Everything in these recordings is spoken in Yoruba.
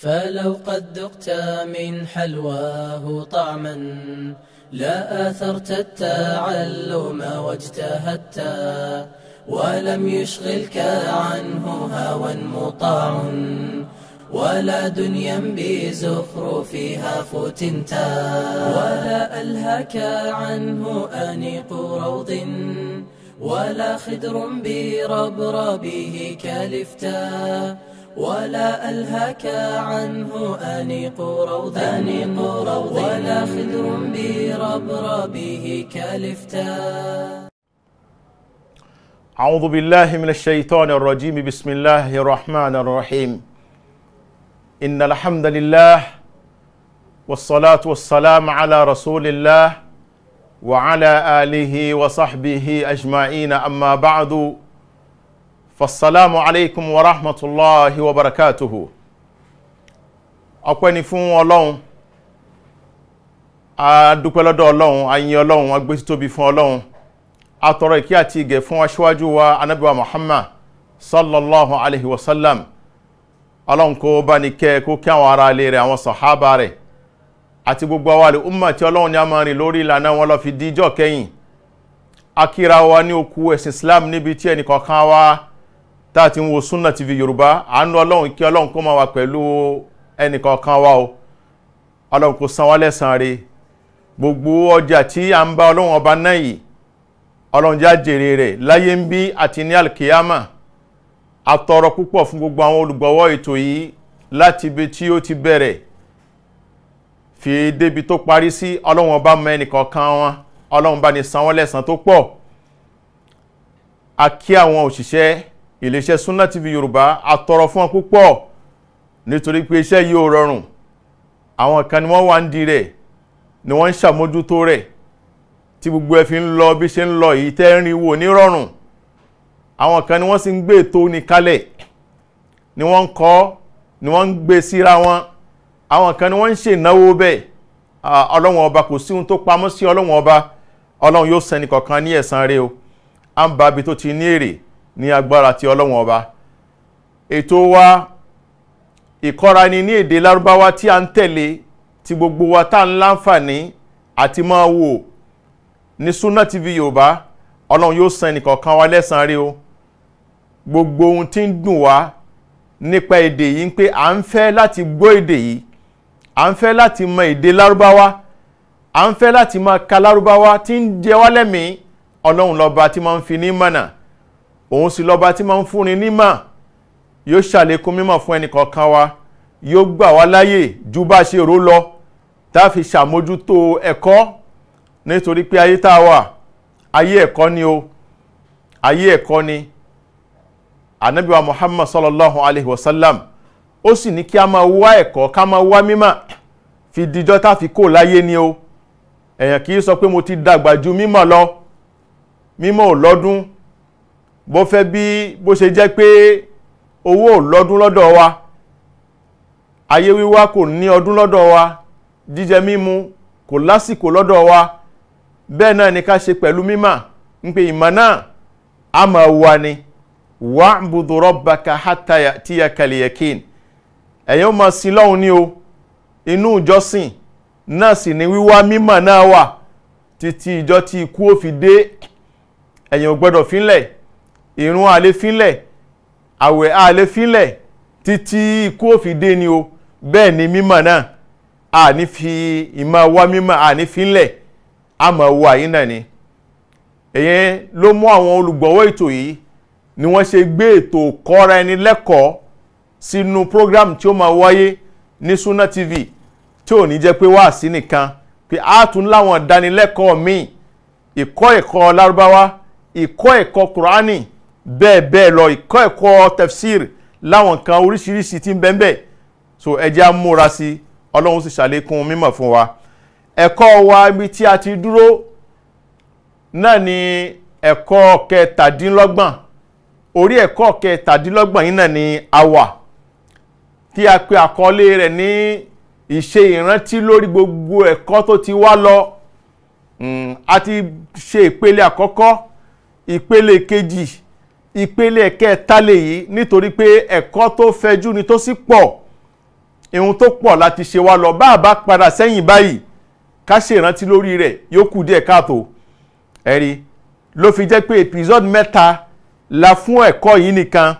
فلو قد ذقت من حلواه طعما لا آثرت التعلم واجتهدت ولم يشغلك عنه هوى مطاع ولا دنيا بزخرفها فتنت ولا ألهك عنه أنيق روض ولا خدر بربربه كلفتا ولا ألهك عنه أنيق روض أنيق روض ولا خدر بربربه كالفتاء أعوذ بالله من الشيطان الرجيم بسم الله الرحمن الرحيم إن الحمد لله والصلاة والسلام على رسول الله وعلى آله وصحبه أجمعين أما بعد fasalaamu aleykum wa rahmatulahi wa barakatuhu ọpẹ́ ni fún ọlọ́run adúpẹ́ lọ́dọ̀ ọlọ́run ayin ọlọ́run agbésítóbi fún ọlọ́run atọrọ ìkí àti ìgẹ̀ fún aṣíwájú wa anábíwá muhammad sallallahu alaihi wasallam ọlọ́run kó bá ní kẹ́ kó kí àwọn ará ilé rẹ̀ àwọn sàhábà rẹ̀ àti gbogbo àwọn àlè umma tí ọlọ́run ní a máa rìn lórí ìlànà wọn lọ fi díjọ́ kẹ́yìn akíra wa ní okú ẹ̀sìn islam níbi tí ẹnìkọ̀ọ̀kan wa tá a ti ń wo Sunna TV Yorùbá àánú ọlọ́run kí ọlọ́run kó máa wà pẹ̀lú ẹnìkọ̀ọ̀kan wa o ọlọ́run kó san wá lẹ́san rẹ̀ gbogbo ọjà tí a ń bá ọlọ́run ọba náà yìí ọlọ́run já jèrè rẹ̀ láyé ń bí àti ní alkiyama àtọrọ púpọ̀ fún gbogbo àwọn olùgbọ́wọ́ ètò yìí láti ibi tí ó ti bẹ̀rẹ̀ fi débi tó parí sí ọlọ́run ọba mọ ẹnìkọ̀ọ̀kan wọn ọlọ́run bá ní san wọ́n lẹ́san tó pọ̀ a àwọn òṣìṣẹ́ iléeṣẹ́ Sunna TV Yorùbá àtọ̀rọ̀ fún wọn púpọ̀ nítorí pé iṣẹ́ yìí ò rọrùn àwọn kan ni wọ́n wà ń di rẹ̀ ni wọ́n ń ṣàmójútó rẹ̀ tí gbogbo ẹ̀ fi ń lọ bí ṣe ń lọ yìí tẹ́ ń rí wò ní rọrùn àwọn kan ni wọ́n sì ń gbé ètò ní kalẹ̀ ni wọ́n ń kọ́ ni wọ́n ń gbé síra wọn àwọn kan ni wọ́n ń ṣe ìnáwó bẹ́ẹ̀ ọlọ́run ọba kò sí ohun tó pamọ́ sí ọlọ́run ọba ọlọ́run yóò sẹ́ni kọ̀ọ̀kan ní ẹ̀san rẹ̀ o à ń ba ibi tó ti ní èrè ní agbára ti ọlọ́wọ̀n ọba ètò wa ìkọ́ra ni ní èdè lárúbáwá tí a ń tẹ̀lé ti gbogbo wa tá ń láǹfààní àti máa wò ní Sunna TV Yorùbá ọlọ́run yóò san ẹnìkọ̀ọ̀kan wa lẹ́sàn-án rí o gbogbo ohun tí ń dùn wá nípa èdè yìí ń pé à ń fẹ́ láti gbọ́ èdè yìí à ń fẹ́ láti mọ èdè lárúbáwá à ń fẹ́ láti máa ka lárúbáwá tí ń jẹ wá ọlọ́run lọ́ba tí máa ń fi ní mọ̀nà òun sì lọ́ba tí máa ń fúnni nímọ̀ yóò ṣàlékún mímọ̀ fún ẹnìkọ̀ọ̀kan wa yóò gbà wá láyè ju bá a ṣe rò lọ tá a fi ṣàmójútó ẹ̀kọ́ nítorí pé ayé tá a wà ayé ẹ̀kọ́ ni o ayé ẹ̀kọ́ ni anabiwa muhammad sallallahu alayhi wa sallam ó sì ní kí a máa wá ẹ̀kọ́ ká máa wá mímọ̀ fi dijọ́ tá a fi kó láyé ni o èèyàn kì í sọ pé mo ti dàgbà ju mímọ̀ lọ mímọ̀ ò lọ́dún bó fẹ́ bí bó ṣe jẹ́ pé owó lọ́dún lọ́dọ̀ wa ayé wíwá kò ní ọdún lọ́dọ̀ wa jíjẹ mímu kò lásìkò lọ́dọ̀ wa bẹ́ẹ̀ náà ni ká ṣe pẹ̀lú mímà ń pe ìmọ̀ náà a máa wà ní máa sin lọ́hùn ní o inú ìjọsìn náà sì ni wíwá náà wà títí ìjọ tí ikú dé ò gbọ́dọ̀ fínlẹ̀ ìrun àlefínlẹ̀ àwẹ̀ àlefínlẹ̀ títí ikú òfin dé ni o bẹ́ẹ̀ ni mímọ̀ náà àní fi ìmọ̀ wá mímọ̀ àní fínlẹ̀ àmọ̀ wo àyín náà ni èyẹn ló mú àwọn olùgbọ̀wọ́ ètò yìí ni wọ́n ṣe gbé ètò kọ́ra ẹni lẹ́kọ̀ọ́ sínú program tí ó máa wáyé ní Sunna TV tí ò ní jẹ́ pé wáàsí nìkan pé a tún láwọn ìdánilẹ́kọ̀ọ́ míì ìkọ́ ẹ̀kọ́ lárúbáwá ìkọ́ ẹ̀kọ́ kùránì bẹ́ẹ̀ bẹ́ẹ̀ lọ ìkọ́ ẹ̀kọ́ tefsir láwọn nǹkan oríṣiríṣi tí ń bẹ ńbẹ̀ so ẹ jẹ́ á múra sí ọlọ́run sì ṣàlékún mímọ̀ fún wa ẹ̀kọ́ wa ibi tí a ti dúró náà ni ẹ̀kọ́ kẹtàdínlọ́gbọ̀n orí ẹ̀kọ́ kẹtàdínlọ́gbọ̀n yìí náà ni a wà tí a pe àkọlé rẹ̀ ní ìṣe ìrántí lórí gbogbo ẹ̀kọ́ tó ti wá lọ hmm, a ti ṣe ìpele àkọ́kọ́ ìpele kejì ìpele kẹta lèyí nítorí pé ẹ̀kọ́ tó fẹjú ni tó sì pọ̀ ìhun tó pọ̀ láti ṣe wá lọ bá a bá padà sẹ́yìn báyìí ká ṣèrántí lórí rẹ̀ yóò kù díẹ̀ káàtó ẹ̀rí ló fi jẹ́ pé episode mẹ́ta la fún ẹ̀kọ́ yìí nìkan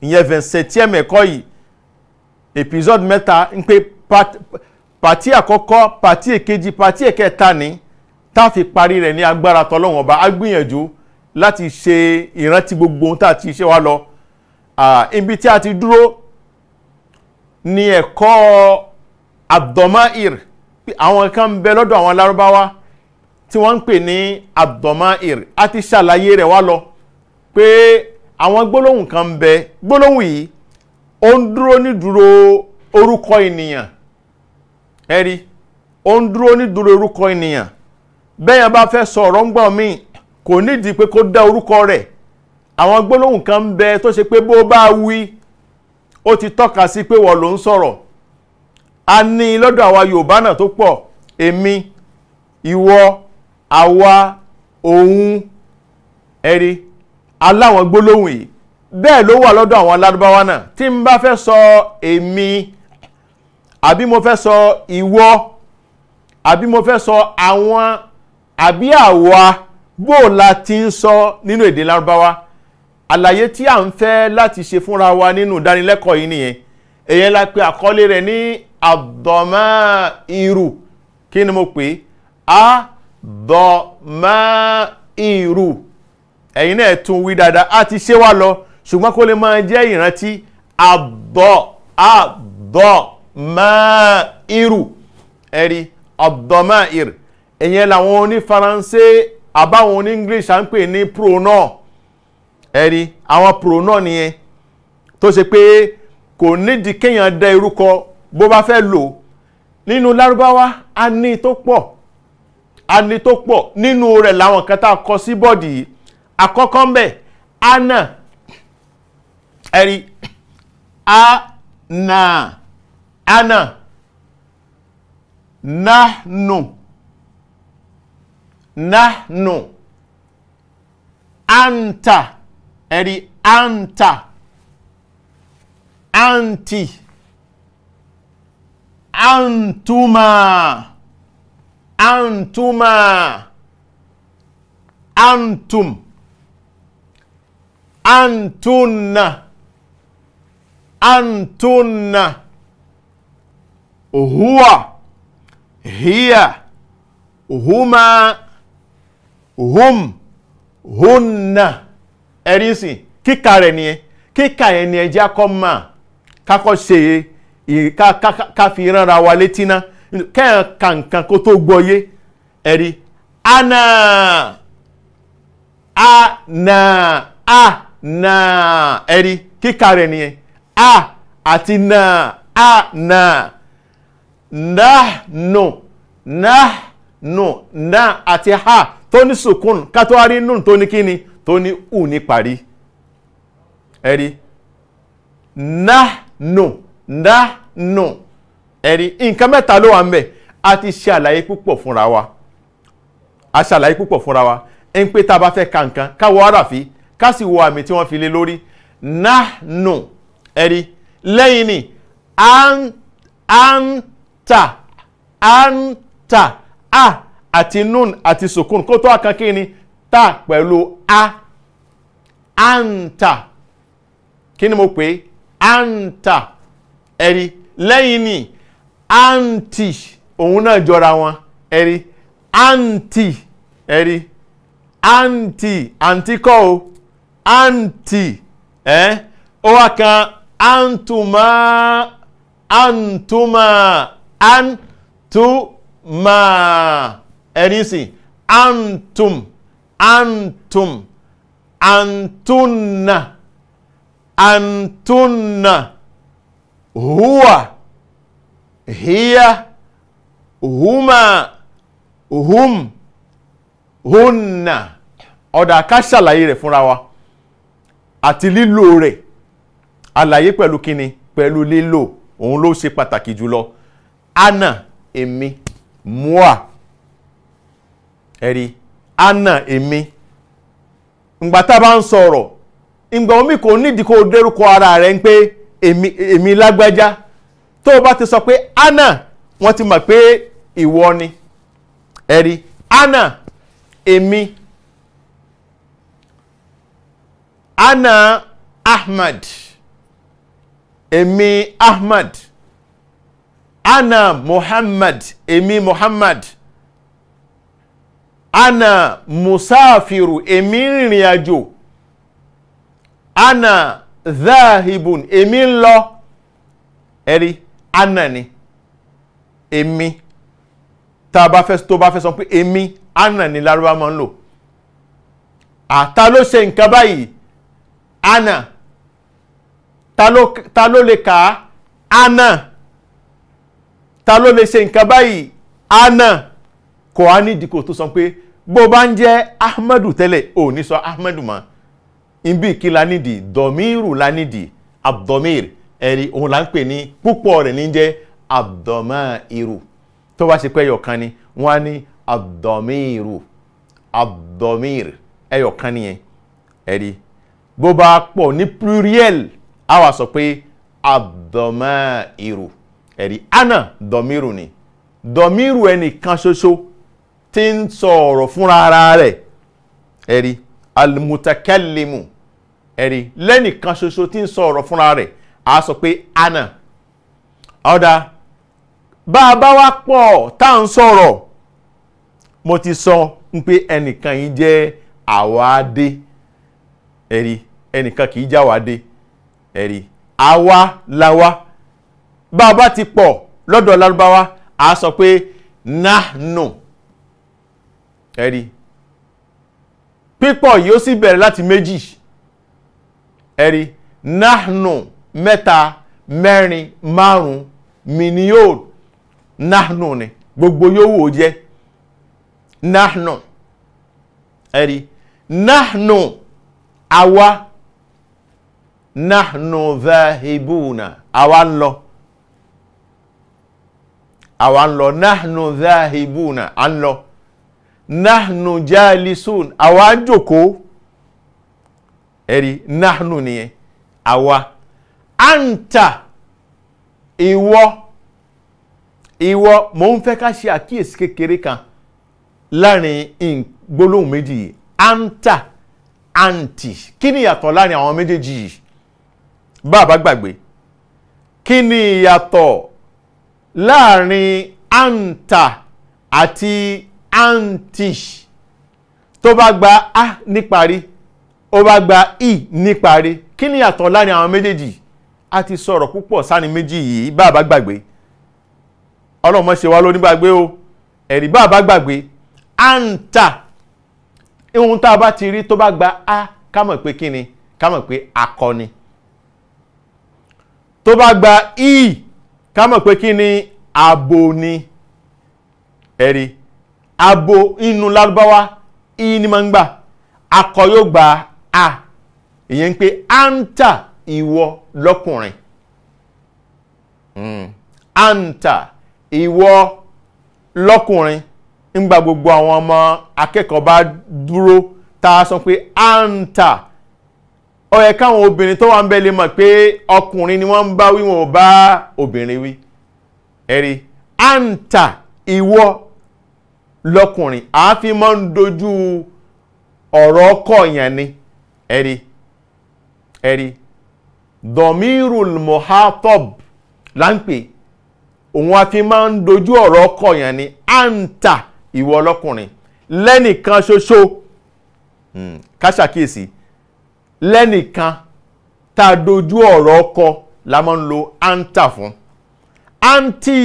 ìyẹn vingt-septième ẹ̀kọ́ yìí episode mẹ́ta ń pé pàtí àkọ́kọ́ pàtí èkejì pàtí ẹ̀kẹta ní tá a fi parí rẹ̀ ní agbára tọ́lọ́wọ̀n ọba á gbìyànjú láti ṣe ìrántí gbogbo ohun tá a ti ṣe wá lọ ibi tí a ti dúró ni ẹ̀kọ́ abdomair àwọn kan ń bẹ lọ́dọ̀ àwọn lárúbáwá tí wọ́n ń pè ní abdomair a ti ṣàlàyé rẹ̀ wá lọ pé àwọn gbólóhùn kan ń bẹ gbólóhùn yìí ó ń dúró ní dúró orúkọ ènìyàn ẹ rí ó ń dúró ní dúró orúkọ ènìyàn bẹ́ẹ̀ yẹn bá fẹ́ sọ ọ̀rọ̀ ń gbọ́n míì kò nídìí pé kó dá orúkọ rẹ̀ àwọn gbólóhùn kan ń bẹ tó ṣe pé bó bá wí ó ti tọ́ka sí pé wọ́n ló ń sọ̀rọ̀ a ní lọ́dọ̀ àwa yorùbá náà tó pọ̀ èmi ìwọ àwa òun ẹ̀rí aláwọn gbólóhùn yìí bẹ́ẹ̀ ló wà lọ́dọ̀ àwọn aládùbáwá náà tí n bá fẹ́ sọ èmi àbí mo fẹ́ sọ ìwọ àbí mo fẹ́ sọ àwọn àbí àwa bó o la ti ń sọ nínú èdè lárúbáwá àlàyé tí à ń fẹ́ láti ṣe fúnra wa nínú ìdánilẹ́kọ̀ọ́ yìí nìyẹn èyẹn la pè àkọlé rẹ̀ ní àdọ̀mọ́ irú kí ni mo pè é àdọ̀mọ́ irú ẹ̀yin náà tún wí dáadáa a ti ṣe wá lọ ṣùgbọ́n kó lè máa jẹ́ ìrántí àdọ̀ àdọ̀mọ́ irú ẹ̀rí àdọ̀mọ́ irú ẹ̀yẹn làwọn oní àbáwọn oní english à ń pè ní pronoun ẹ̀rí àwọn pronoun nìyẹn tó ṣe pé kò nídìí kéèyàn dẹ irúkọ bó bá fẹ́ lò nínú lárúbáwá a ní tó pọ̀ a ní tó pọ̀ nínú rẹ̀ làwọn kan tá a kọ sí bọ́ọ̀dì yìí àkọ́kọ́ ń bẹ̀ ana ẹ̀rí ana ana nahnu. No. nahnu anta ẹ̀rí anta anti antuma antuma antum antunna antunna huwa hiya huma hum hunna ẹ̀rí sìn kíkà rẹ̀ nìyẹn kíkà yẹn ni ẹjẹ́ akọ́ mà kakọ́ ṣe ká fi ránra wa létí ná kẹ́hìn kankan kó tó gbọ́ yé ẹ̀rí ana ana ana ẹ̀rí kíkà rẹ̀ nìyẹn a àti na a na nahnu nahnu na àti ha tó ní sukun ká tó rí nun tó ní kíni tó ní ù ní parí ẹ̀rí nahnu nahnu ẹ̀rí nǹkan mẹ́ta ló wà ń bẹ̀ a ti ṣe àlàyé púpọ̀ fúnra wa a ṣe àlàyé púpọ̀ fúnra wa ń pé tá a bá fẹ́ ka nǹkan ká wo àràfi ká sì wo àmì tí wọ́n fi lé lórí nahnu ẹ̀rí lẹ́yìn ni anta anta a àti nun àti sukun kó tó àkàn kí ni ta pẹ̀lú a anta kí ni mo pè é anta ẹ̀rí lẹ́yìn ni anti òun náà jọra wọn ẹ̀rí anti ẹ̀rí anti anti kọ́ o anti ẹ̀ ó wá kan antuma antuma antuma ẹ̀rí sí antum antum antunna antunna huwa hiya huma hum hunna ọ̀dà ká ṣàlàyé rẹ̀ fúnra wa àti lílò rẹ̀ àlàyé pẹ̀lú kíni pẹ̀lú lílò òun ló ṣe pàtàkì jùlọ ana èmi mua ẹ̀rí ana èmi mgbata tá a bá ń sọ̀rọ̀ ìgbà omi kò nídìí kó o dérúkọ ara rẹ̀ ń pé èmi lágbájá tó o bá ti sọ pé ana wọ́n ti mọ̀ pé ìwọ ni ẹ̀rí ana èmi ana Ahmad èmi Ahmad ana Muhammad èmi Muhammad. ana musafiru èmi ń rìnrìn àjò ana zahibun èmi ń lọ ẹ̀rí ana ni èmi tá a bá fẹ́ tó bá fẹ́ sọ pé èmi ana ni lárúbá máa ń lò àta ló ṣe nǹkan báyìí ana ta ló lè kà á ana ta ló lè ṣe nǹkan báyìí ana kò á ní ìdíkò tó sọ pé bó bá ń jẹ́ ahmadu tẹ́lẹ̀ ò ní sọ ahmadu mọ́ ibi kí la nídìí dọ̀míìrù abdomir ẹ̀rí òun la ń pè ní púpọ̀ rẹ̀ ní jẹ́ abdomairu tó bá ṣe pé ẹyọkan ni wọ́n á ní abdomiru abdomir ẹyọkan nìyẹn ẹ̀rí bó bá pọ̀ ní pluriel á wà sọ pé abdomairu ẹ̀rí ana domiru ni dọ̀míìrù ẹnìkan ṣoṣo tí ń sọ ọ̀rọ̀ fúnra ara rẹ̀ ẹ̀rí almutakallimu ẹ̀rí lẹ́nìkan ṣoṣo tí ń sọ fúnra rẹ̀ a sọ pé ana ọ̀dà bá a bá wá pọ̀ tá à ń sọ̀rọ̀ mo ti sọ pé ẹnìkan yìí jẹ́ àwáde ẹ̀rí ẹnìkan kì í jẹ́ àwáde ẹ̀rí àwa lawa bá a bá ti pọ̀ lọ́dọ̀ lárúbáwá a sọ pé nahnu. No ẹ̀rí pípọ̀ yìí ó sì bẹ̀rẹ̀ láti méjì ẹ̀rí nahnu mẹ́ta mẹ́rin márùn-ún miniyod nahnu ni gbogbo yòówù ó jẹ́ nahnu ẹ̀rí nahnu àwa nahnu dhahibuna àwa ń lọ àwa ń lọ nahnu dhahibuna à ń lọ nahnu jalisun àwa jòkó ẹ̀rí nahnu nìyẹn àwa anta ìwọ ìwọ mò ń fẹ́ ká ṣe àkíyèsí kékeré kan láàrin gbólóhùn méjì anta anti kini yato ìyàtọ̀ láàrin àwọn méjèèjì yìí kini yato kí anta ati anti tó bá gba a níparí ó bá gba i níparí kí ni yàtọ̀ láàrin àwọn méjèèjì a ti sọ̀rọ̀ púpọ̀ sáni méjì yìí bá a gbàgbé ọlọ́mọ ṣe wá ló nígbàgbé o ẹ̀rí bá a gbàgbé anta ohun tá a bá ti rí tó bá gba a ká mọ̀ pé kí ni ká mọ̀ pé akọni tó bá gba i ká mọ̀ pé kí ni abo ni ẹ̀rí abo inú lárúbáwá i ni máa ń gbà akọ a ìyẹn ń pè anta ìwọ lọ́kùnrin mm. anta ìwọ lọ́kùnrin ńgbà gbogbo àwọn ọmọ akẹ́kọ̀ọ́ bá dúró tá sọ pé anta ó yẹ káwọn obìnrin tó wà ń bẹ lè mọ̀ pé ọkùnrin ni wọ́n ń bá wí bá obìnrin wí ẹ̀rí anta ìwọ lọ́kùnrin àáfin máa ń dojú ọ̀rọ̀ ọkọ yẹn ni ẹ̀rí ẹ̀rí domirul mohatab là ń pè òun àáfin máa ń dojú ọ̀rọ̀ ọkọ yẹn ni àǹtà ìwọ ọlọ́kùnrin lẹ́nìkan ṣoṣo hmm, ká ṣàkíyèsí lẹ́nìkan tá a dojú ọ̀rọ̀ ọkọ la máa ń lo àǹtà fún àǹtì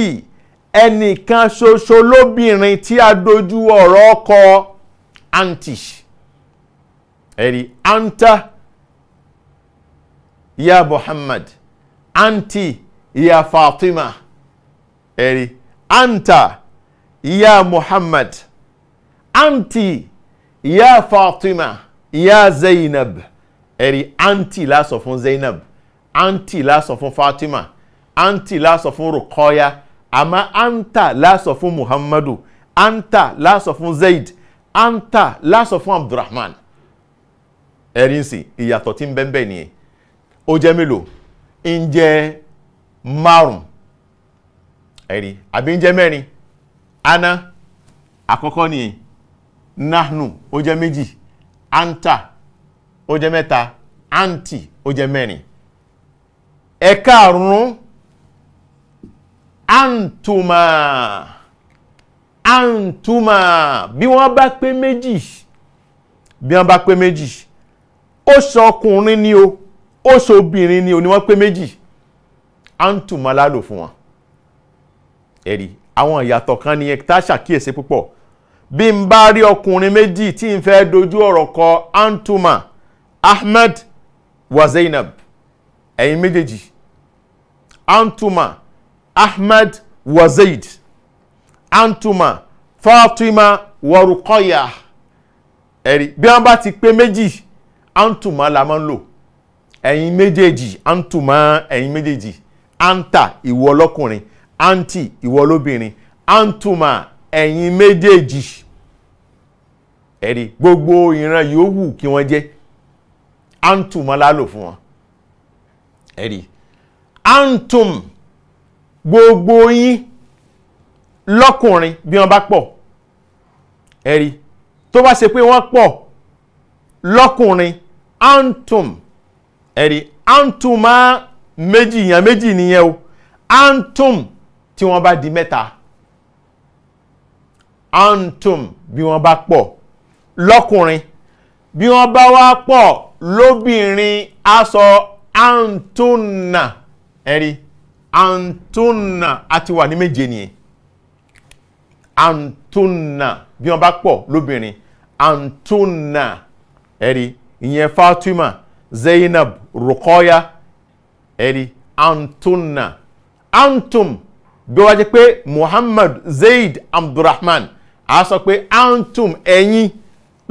ẹnìkan ṣoṣo lóbìnrin tí a dojú ọ̀rọ̀ ọkọ anti ẹ̀rí anta ya Muhammad anti ya Fatima ẹ̀rí anta ya Muhammad anti ya Fatima ya Zainab ẹ̀rí anti la sọ fún Zainab anti la sọ fún Fatima anti la sọ fún Rukoya amma an láàsọ fún muhammadu an láàsọ fún zaid an láàsọ fún abdulrahman ẹ̀rín si ìyàtọ̀ tí ń bẹ́ẹ̀ nìyẹn ó jẹ́ mélòó ń jẹ́ márùn ẹ̀rí àbí ń jẹ́ mẹ́rin ana àkọ́kọ́ ni nahnu ó jẹ́ méjì anta ó jẹ́ mẹ́ta anti ó jẹ́ mẹ́rin ẹ̀ka àrùn antuma antuma bí wọ́n bá pé méjì bí wọ́n bá pé méjì ó sọ ọkùnrin ni o ó sọ ni o ni wọ́n pé méjì antuma lálò fún wọn ẹ̀rí àwọn ìyàtọ̀ kan ni tá a ṣàkíyèsí púpọ̀ bí n bá rí ọkùnrin méjì tí n fẹ́ dojú ọ̀rọ̀ kọ antuma ahmed wa zainab ẹ̀yin méjèèjì antuma ahmed wa zaid antuma fatima warukoya. ruqayya ẹ̀rí bí wọ́n bá ti pé méjì antuma la máa ń lò ẹ̀yin méjèèjì antuma ẹ̀yin méjèèjì anta ìwọ lọ́kùnrin anti ìwọ lóbìnrin antuma ẹ̀yin méjèèjì ẹ̀rí gbogbo ìran yòówù kí wọ́n jẹ́ antuma la lò fún wọn ẹ̀rí antum gbogbo yín lọ́kùnrin bí wọ́n bá pọ̀ ẹ̀rí tó bá ṣe pé wọ́n pọ̀ lọ́kùnrin antum ẹ̀rí antuma méjì yàn méjì nìyẹn o antum tí wọ́n bá di mẹ́ta antum bí wọ́n bá pọ̀ lọ́kùnrin bí wọ́n bá wá pọ̀ lóbìnrin a sọ ẹ̀rí antunna àti wà ní méje nìyẹn antunna bí wọ́n bá pọ̀ lóbìnrin antunna ẹ̀rí ìyẹn fatima zainab rukoya ẹ̀rí antunna antum bí wọ́n jẹ́ pé muhammad zaid abdulrahman a sọ pé antum ẹ̀yin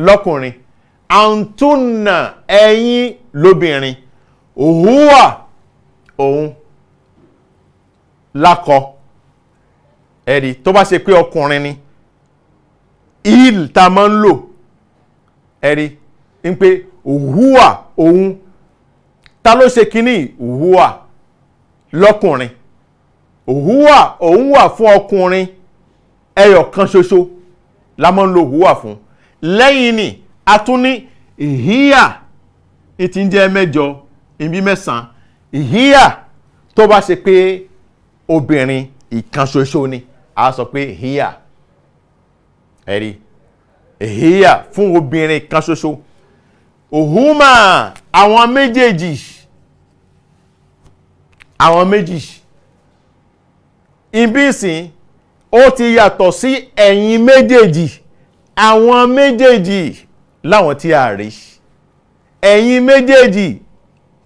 lọ́kùnrin antunna ẹ̀yin lóbìnrin òhùwà òun lákọ ẹ̀rí tó bá ṣe pé ọkùnrin ni il ta máa ń lò ẹ̀rí ń pé òhùwà òun ta ló ṣe kínní òhùwà lọ́kùnrin òhùwà òun wà fún ọkùnrin ẹyọ kan ṣoṣo la máa ń lo òhùwà fún lẹ́yìn ni a tún ní ìhíyà ìtìjẹ́ mẹ́jọ ìbí mẹ́sàn-án ìhíyà tó bá ṣe pé obìnrin ìkan ṣoṣo ni a sọ pé híyà ẹ̀rí híyà fún obìnrin kan ṣoṣo òhúmà àwọn méjèèjì àwọn méjì ibi ìsìn ó ti yàtọ̀ sí ẹ̀yin méjèèjì àwọn méjèèjì láwọn tí a rí ẹ̀yin méjèèjì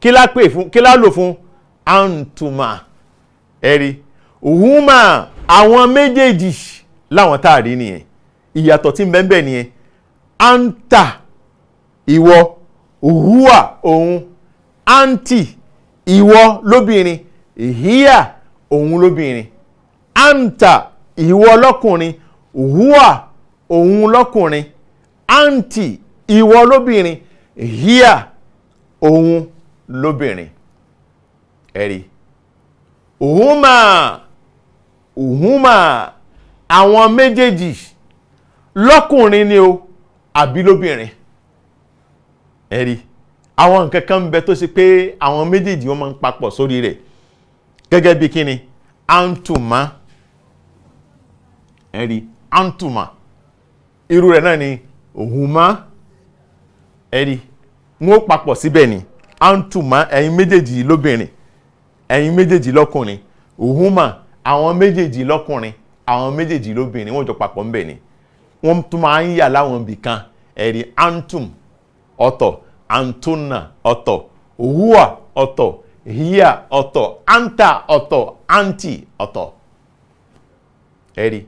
kí lá pè fún kí lá lò fún antuma ẹ̀rí huma àwọn méjèèjì láwọn tá a rí nìyẹn ìyàtọ̀ tí ń bẹ́ẹ̀ bẹ́ẹ̀ nìyẹn anta ìwọ huwa òun anti ìwọ lóbìnrin ìhíyà òun lóbìnrin anta ìwọ lọ́kùnrin huwa òun lọ́kùnrin anti ìwọ lóbìnrin ìhíyà òun lóbìnrin ẹ̀rí huma huma àwọn méjèèjì lọ́kùnrin ni o àbí lóbìnrin ẹ̀rí àwọn nǹkan kan ń bẹ tó ṣe pé àwọn méjèèjì wọ́n máa ń papọ̀ sórí rẹ̀ gẹ́gẹ́ bí kíni antuma ẹ̀rí antuma irú rẹ̀ náà ni huma ẹ̀rí wọ́n papọ̀ síbẹ̀ ni antuma ẹ̀yin méjèèjì lóbìnrin ẹ̀yin méjèèjì lọ́kùnrin òhúnmà àwọn méjèèjì lọ́kùnrin àwọn méjèèjì lóbìnrin wọ́n jọ papọ̀ ńbẹ̀ ni wọ́n tún máa ń yà láwọn ibì kan ẹ̀rí antum ọ̀tọ̀ antuna ọ̀tọ̀ òhúwà ọ̀tọ̀ híyà ọ̀tọ̀ anta ọ̀tọ̀ anti ọ̀tọ̀ ẹ̀rí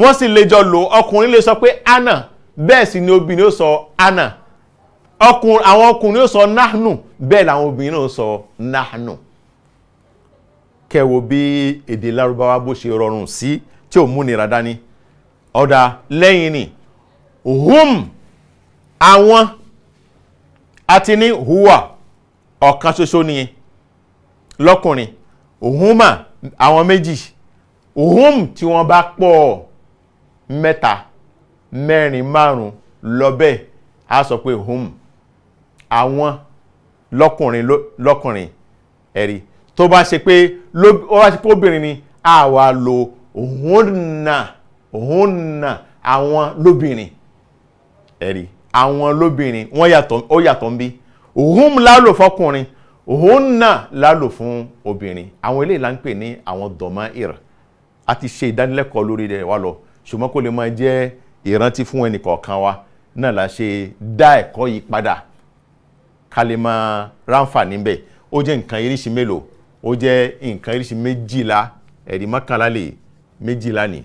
wọ́n sì lè jọ lò ọkùnrin lè sọ pé ana bẹ́ẹ̀ sì ni obìnrin ó sọ ana àwọn ọkùnrin ó sọ nahnu bẹ́ẹ̀ làwọn obìnrin ó sọ nahnu kẹ́ wo bí èdè lárúbáwá bó ṣe rọrùn sí tí ò múnira dání ọ̀dà lẹ́yìn ni hum àwọn àti ní huwa ọ̀kan ṣoṣo ni lọ́kùnrin huma àwọn méjì hum tí wọ́n bá pọ̀ mẹ́ta mẹ́rin márùn lọ́bẹ̀ á sọ pé hum àwọn lọ́kùnrin lọ́kùnrin ẹ̀rí tó bá ṣe pé ó bá ṣe pé obìnrin ni a wá lo òhúnnà òhúnnà àwọn lóbìnrin ẹ̀rí àwọn lóbìnrin wọ́n yàtọ̀ ó yàtọ̀ ń bí òhún lálò fọkùnrin òhúnnà lálò fún obìnrin àwọn eléyìí là ní àwọn dọ̀mọ́ ìrà a ti ṣe ìdánilẹ́kọ̀ọ́ lórí rẹ̀ wá lọ ṣùgbọ́n kó lè máa jẹ́ ìrántí fún ẹnì kọ̀ọ̀kan wa náà la ṣe dá ẹ̀kọ́ yìí padà ká lè máa níbẹ̀ ó jẹ́ nǹkan iríṣi mélòó ó jẹ́ nǹkan irísí méjìlá ẹ̀rí mọ́kànlá lè méjìlá ni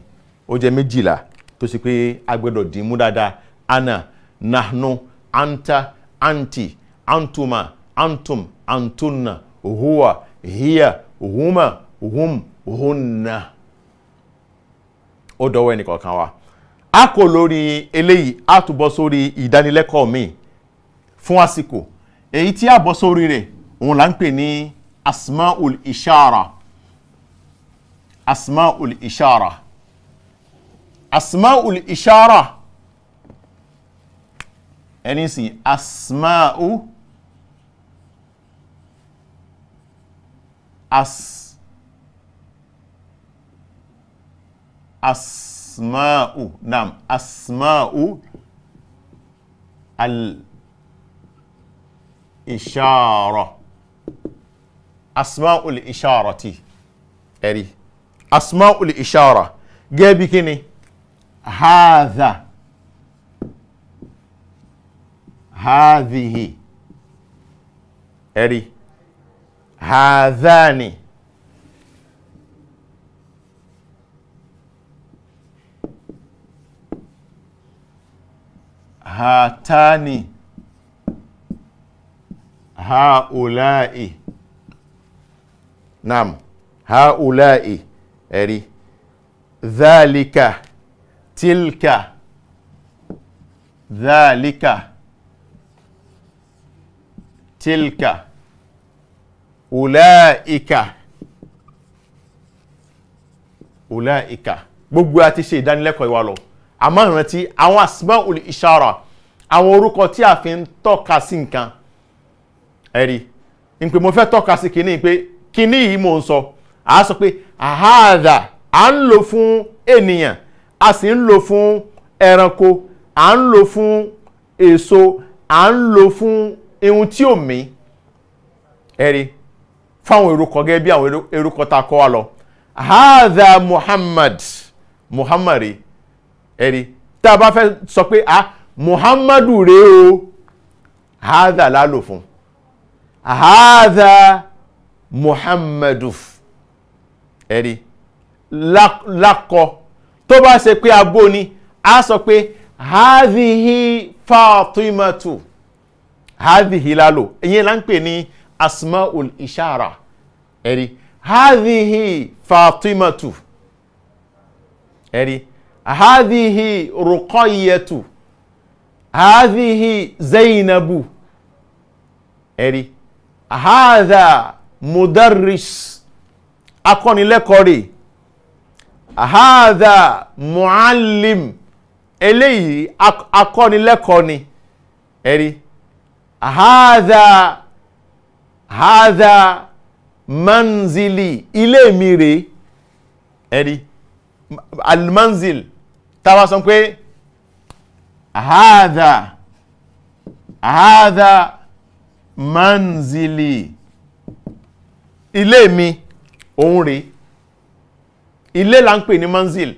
ó jẹ́ méjìlá tó sì pé a dín mú dáadáa ana nahnu anta anti antuma antum antuna huwa hiya huma hum hunna ó dọwọ́ ẹnìkọ̀ọ̀kan wa a kò lórí eléyìí a tún bọ́ sórí ìdánilẹ́kọ̀ọ́ mi fún àsìkò èyí tí a bọ́ sórí rẹ̀ òun là ń pè ní أسماء الإشارة أسماء الإشارة أسماء الإشارة يعني سي أسماء أس أسماء نعم أسماء الإشارة asma'u l-isharati ẹ̀rí asma'u l-ishara gẹ́bí kí ni haza hazihi ẹ̀rí hazani hatani haulai naam haula'i ẹ̀rí dhalika tilka dhalika tilka ulaika ulaika gbogbo a ti ṣe ìdánilẹ́kọ̀ọ́ ìwà lọ àmọ́ ìrántí àwọn asmaul ishara àwọn orúkọ tí a fi ń tọ́ka sí nǹkan ẹ̀rí ìpè mo fẹ́ tọ́ka sí kìíní pé kíní yìí mò ń sọ a sọ pé àhàdà à ń lò fún ènìyàn a sì ń lò fún ẹranko à ń lò fún èso à ń lò fún ihun tí ò mí ẹ̀rí fáwọn erukọ gẹ́gẹ́ bí àwọn erukọ ta kọ́ wa lọ àhàdà Muhammad Muhammad rí ẹ̀rí tá a bá fẹ́ sọ pé ah Muhammadu rèé o àhàdà lálò fún àhàdà. muhammadu ẹ̀rí lákọ tó bá ṣe pé abo ni a sọ pé hadhihi fatimatu hadhihi lálò ìyẹn là ń pè ní asmaul ishara ẹ̀rí hadhihi fatimatu ẹ̀rí hadhihi ruqayyatu hadhihi zainabu ẹ̀rí hadha mudarris akọ́nilẹ́kọ̀ọ́ rẹ̀ ahadha muallim eléyìí akọ́nilẹ́kọ̀ọ́ ni ẹ̀rí ahadha hadha manzili ilé mi rèé ẹ̀rí almanzil táwa sọ pé ahadha ahadha manzili ilé mi òun rèé ilé là ń pè ní manzil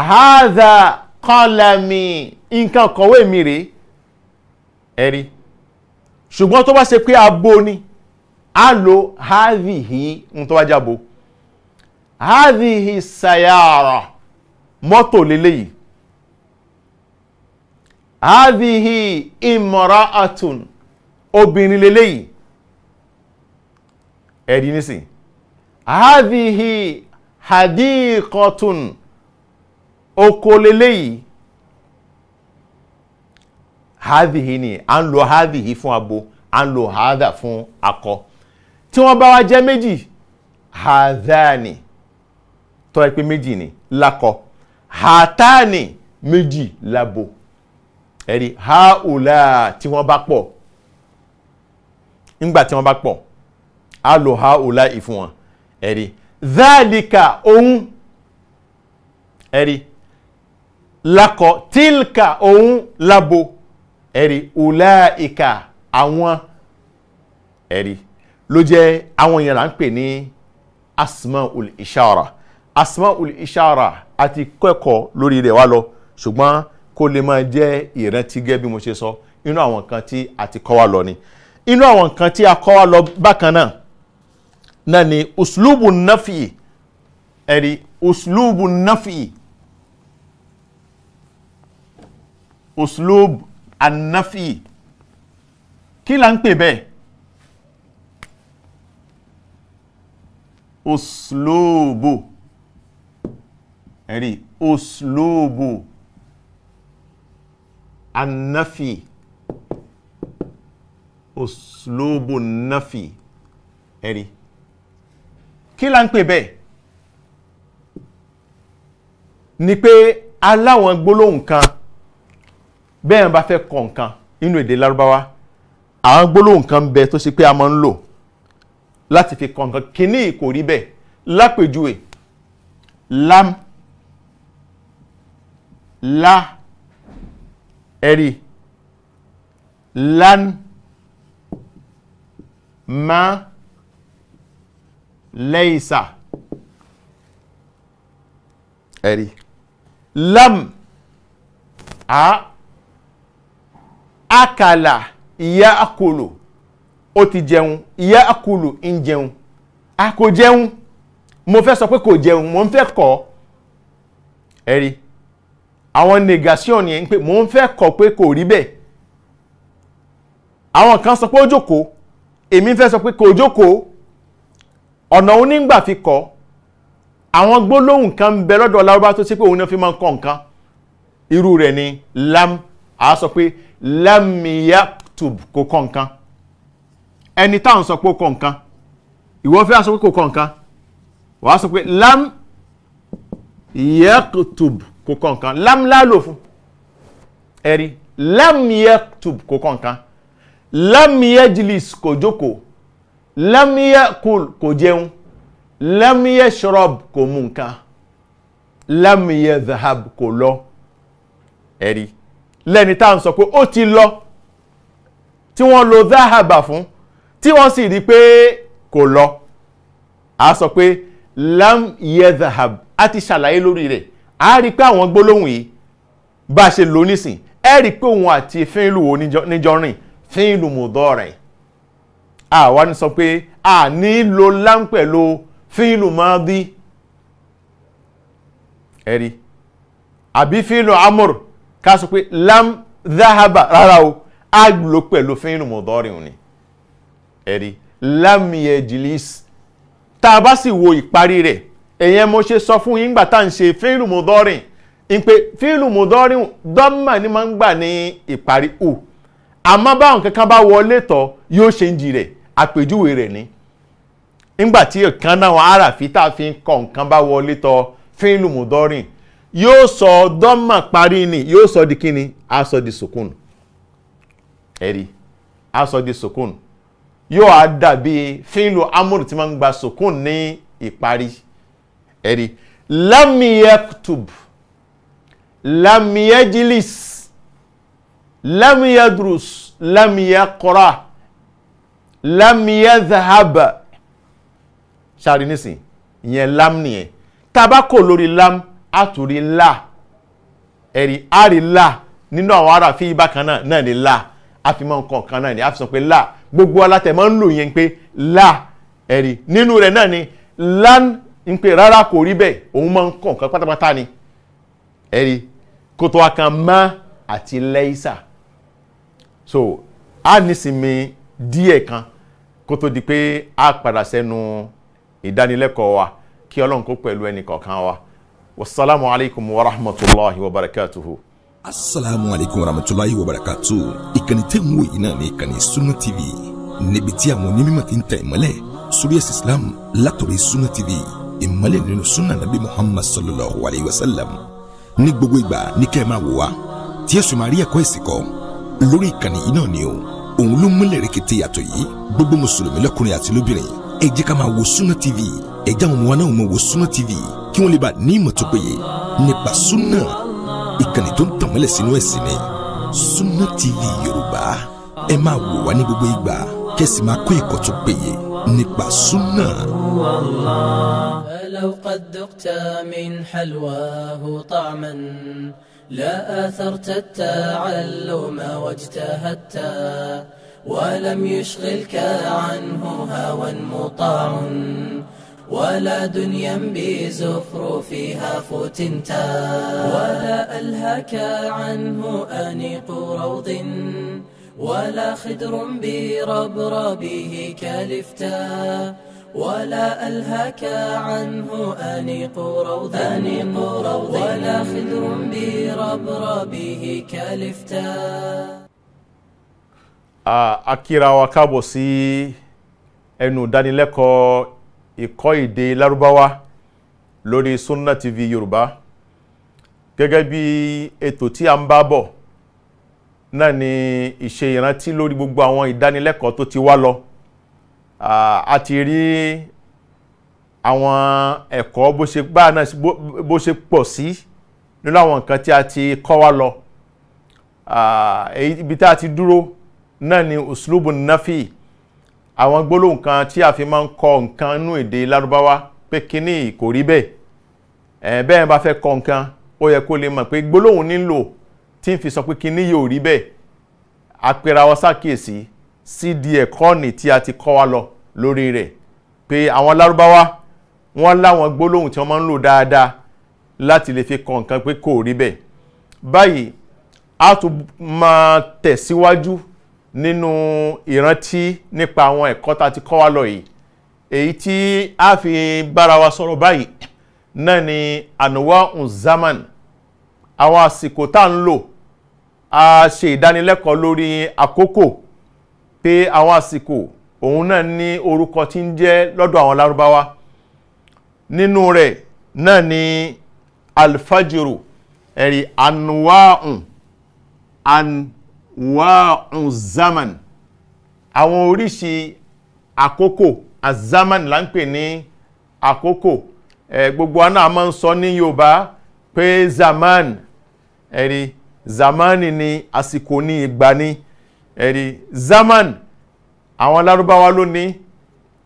àhádà kọ́lámì nǹkan kọ̀wé mi rèé ẹ̀rí ṣùgbọ́n tó bá ṣe pé abo ni a lo hádìhì ń tó wá jábo hádìhì sayara mọ́tò leléyìí hádìhì imra'atun obìnrin leléyìí ẹ̀rí nísìn hadhihi hadiqatun oko leléyìí hadhihi ni à ń lo hadhihi fún abo à ń lo hadha fún akọ tí wọ́n bá wá jẹ́ méjì hadhani tó yẹ pé méjì ni lakọ hatani méjì labo ẹ̀rí haula tí wọ́n bá pọ̀ nígbà tí wọ́n bá pọ̀ a lò ha òlà ìfún wọn ẹ̀rí záàlìkà ohun ẹ̀rí lakọ̀ tílkà ohun labo ẹ̀rí òlà ìkà àwọn ẹ̀rí ló jẹ́ àwọn yẹn ń pè ní asma ul ishara asma ul ishara àti kẹ́kọ̀ọ́ lórí rẹ̀ wá lọ ṣùgbọ́n kó lè máa jẹ́ ìrántí gẹ́ bí mo ṣe sọ inú àwọn nǹkan tí a ti kọ́ wa lọ ni inú àwọn nǹkan tí a kọ́ wa lọ bákan náà náà ni uslubu nafi ẹ̀rí uslubu nafi uslub annafi kí la ń pè bẹ́ẹ̀ uslubu ẹ̀rí uslubu annafi uslubu nafi ẹ̀rí kí la ń pè bẹ́ẹ̀ ni pé aláwọn gbólóhùn kan bẹ́ẹ̀ bá fẹ́ kọ nǹkan nínú èdè lárúbáwá àwọn gbólóhùn kan bẹ tó ṣe pé a máa ń lò láti fi kọ nǹkan kíní kò rí bẹ́ẹ̀ lápèjúwe lam la ẹ̀rí lan ma lẹ́ìsà ẹ̀rí lam a akala, ìyá akòlò ó ti jẹun ìyá akòlò ń jẹun a kò jẹun mo fẹ́ sọ pé kò jẹun mo ń fẹ́ kọ́ ẹ̀rí àwọn negation yẹn pé mo ń fẹ́ kọ́ pé kò rí bẹ́ẹ̀ àwọn kan sọ pé ó jókòó èmi fẹ́ sọ pé kò jókòó ọ̀nà onígbà fi kọ́ àwọn gbólóhùn kan ń bẹ lọ́dọ̀ lárúbá tó ṣe pé òun náà fi máa ń kọ́ nǹkan irú rẹ̀ ni lam a sọ pé lamiya tub kò kọ́ nǹkan ẹni táwọn sọ pé ó kọ́ nǹkan ìwọ fẹ́ sọ pé kò kọ́ nǹkan wàá sọ pé lam yaktub kò kọ́ nǹkan lam lálò fún ẹ̀rí lam yaktub kò kọ́ nǹkan lam yajlis kò jókòó lam yakul kò jẹun lam yashrob kò mú nǹkan lam zahab kò lọ ẹ̀rí lẹ́ni tá à ń sọ pé ó ti lọ tí wọ́n lo zahab fún tí wọ́n sì rí i pé kò lọ a sọ pé lam yadhhab a ti ṣàlàyé lórí rẹ̀ a rí pé àwọn gbólóhùn yìí bá a ṣe lò nísìn ẹ pé òun àti fínlù oníjọ fínlù mudore àwa ní sọ pé a ní lo láńpẹ̀ lo fíìlù mọ́dí ẹ̀rí àbí fíìlù amúr ká sọ pé lam dáhàbà rárá o a lò pẹ̀lú fíìlù mọ̀dọ́rin ni ẹ̀rí lam yajlis tá a bá sì wo ìparí rẹ̀ èyẹn mo ṣe sọ fún yín gbà tá à ń ṣe fíìlù mọ̀dọ́rin ìpè fíìlù mọ̀dọ́rin dọ́mà ni máa ń gbà ní ìparí o àmọ́ báwọn kankan bá wọlé tọ̀ yóò ṣe ń jì rẹ̀ àpèjúwe rẹ̀ ni nígbà tí ìkan náà àràfin tá a fi ń kọ nǹkan bá wọlé tọ fíìlù mùdọ́rìn yóò sọ dọ́mà parí ni yóò sọ di kíni a sọ di sukun ẹ̀rí a sọ di sukun yóò á dàbí fíìlù amúrù tí máa ń gba sukun ní ìparí ẹ̀rí lamiyakutub lamiyajilis lamiyadrus lamiyakora lamiyazahab ṣáàrí nísìn ìyẹn lam nìyẹn tàbá kò lórí lam àtúrí la ẹ̀rí àrí la nínú àwọn ará fi ibà kan náà ni la àfimọ́ nǹkan kan náà ni àfisàn pé la gbogbo alátẹ̀ máa ń lò yẹn pé la ẹ̀rí nínú rẹ̀ náà ni lan ń pè rárá kò rí bẹ́ẹ̀ òun máa ń kàn kan pátápátá ni ẹ̀rí kótó akan má àti lẹ́yìísà so a nísìnyí díẹ̀ kan kó tó di pé a padà sẹ́nu ìdánilẹ́kọ̀ọ́ wa kí ọlọ́run kó pẹ̀lú ẹnì kọ̀ọ̀kan wa wasalaamu alaykum wa rahmatulahi wa barakatuhu. asalaamu alaykum wa rahmatulahi wa barakatuhu ìkànnì tẹ́ ń wò yìí náà ní ìkànnì Sunna TV níbi tí àwọn onímọ̀ ti ń tẹ̀ ìmọ́lẹ̀ sórí Islam látọ̀rẹ́ Sunna TV ìmọ́lẹ̀ nínú sunna nabi Muhammad sallallahu alayhi wa sallam ní gbogbo ìgbà ní kẹ́ ẹ máa wò wá tí ẹ sùn máa rí ẹ̀kọ́ ẹ̀sìn kọ́ lórí ìkànnì yìí náà ni o òun ló múlẹ̀ rẹ̀kẹ̀tẹ̀ yàtọ̀ yìí gbogbo mùsùlùmí lọ́kùnrin àti lóbìnrin ẹ jẹ́ ká máa wo Sunna TV ẹ jẹ́ àwọn náà máa wo Sunna TV kí wọ́n lè bá ní ìmọ̀ tó péye nípa Sunna ìkànnì tó ń tànmọ́lẹ̀ sínú ẹ̀sìn ni Sunna TV Yorùbá ẹ máa wò wá ní gbogbo ìgbà kẹ́sì máa kó ẹ̀kọ́ tó péye nípa Sunna. لا أثرت التعلم واجتهدت ولم يشغلك عنه هوى مطاع ولا دنيا بزخرفها فتنت ولا ألهك عنه أنيق روض ولا خدر بربربه كلفتا ولا ألهك عنه أنيق روض أنيق روض ولا خدر بربربه كالفتاء a kíra wa káàbọ̀ sí ẹnu ìdánilẹ́kọ̀ọ́ ìkọ́ èdè lárúbáwá lórí Sunna TV Yorùbá gẹ́gẹ́ bí ètò tí a ń bá bọ̀ náà ni ìṣe ìrántí lórí gbogbo àwọn ìdánilẹ́kọ̀ọ́ tó ti wá lọ a ti rí àwọn ẹ̀kọ́ bó ṣe bá náà bó ṣe pọ̀ sí nínú àwọn nǹkan tí a ti kọ́ wa lọ ibi tá a ti dúró náà ni uslubu nafi àwọn gbólóhùn kan tí a fi máa ń kọ nǹkan nínú èdè lárúbáwá pé kíní kò rí bẹ́ẹ̀ ẹ̀ bẹ́ẹ̀ bá fẹ́ kọ nǹkan ó yẹ kó lè mọ̀ pé gbólóhùn nílò tí ń fi sọ pé kíní yóò rí bẹ́ẹ̀ apẹ̀rẹ̀ àwọn sákìyèsí sídìí ẹ̀kọ́ nì tí a ti kọ́ wa lọ lórí rẹ̀ pé àwọn lárúbáwá wọ́n láwọn gbólóhùn tí wọ́n máa ń lò dáadáa láti lè fi kọ́ nǹkan pé kò rí bẹ́ẹ̀ báyìí a tún máa tẹ̀síwájú nínú ìrántí nípa àwọn ẹ̀kọ́ tá a ti kọ́ wa lọ yìí èyí tí a fi bára wa sọ̀rọ̀ báyìí náà ni ànúwá nzaman àwọn àsìkò tá à ń lò a ṣe ìdánilẹ́kọ̀ọ́ lórí àkókò pé àwọn àsìkò òun náà ní orúkọ tí ń jẹ́ lọ́dọ̀ àwọn lárúbáwá nínú rẹ̀ náà ni alfajiru ẹ̀rí anwaun anwaun zaman àwọn oríṣi àkókò azaman là ń pè ní àkókò ẹ̀ gbogbo aná a máa ń sọ ní yorùbá pé zaman ẹ̀rí zamani ni àsìkò ní ìgbà ni. Ìgbani ẹ̀rí zaman àwọn lárúbáwá ló ní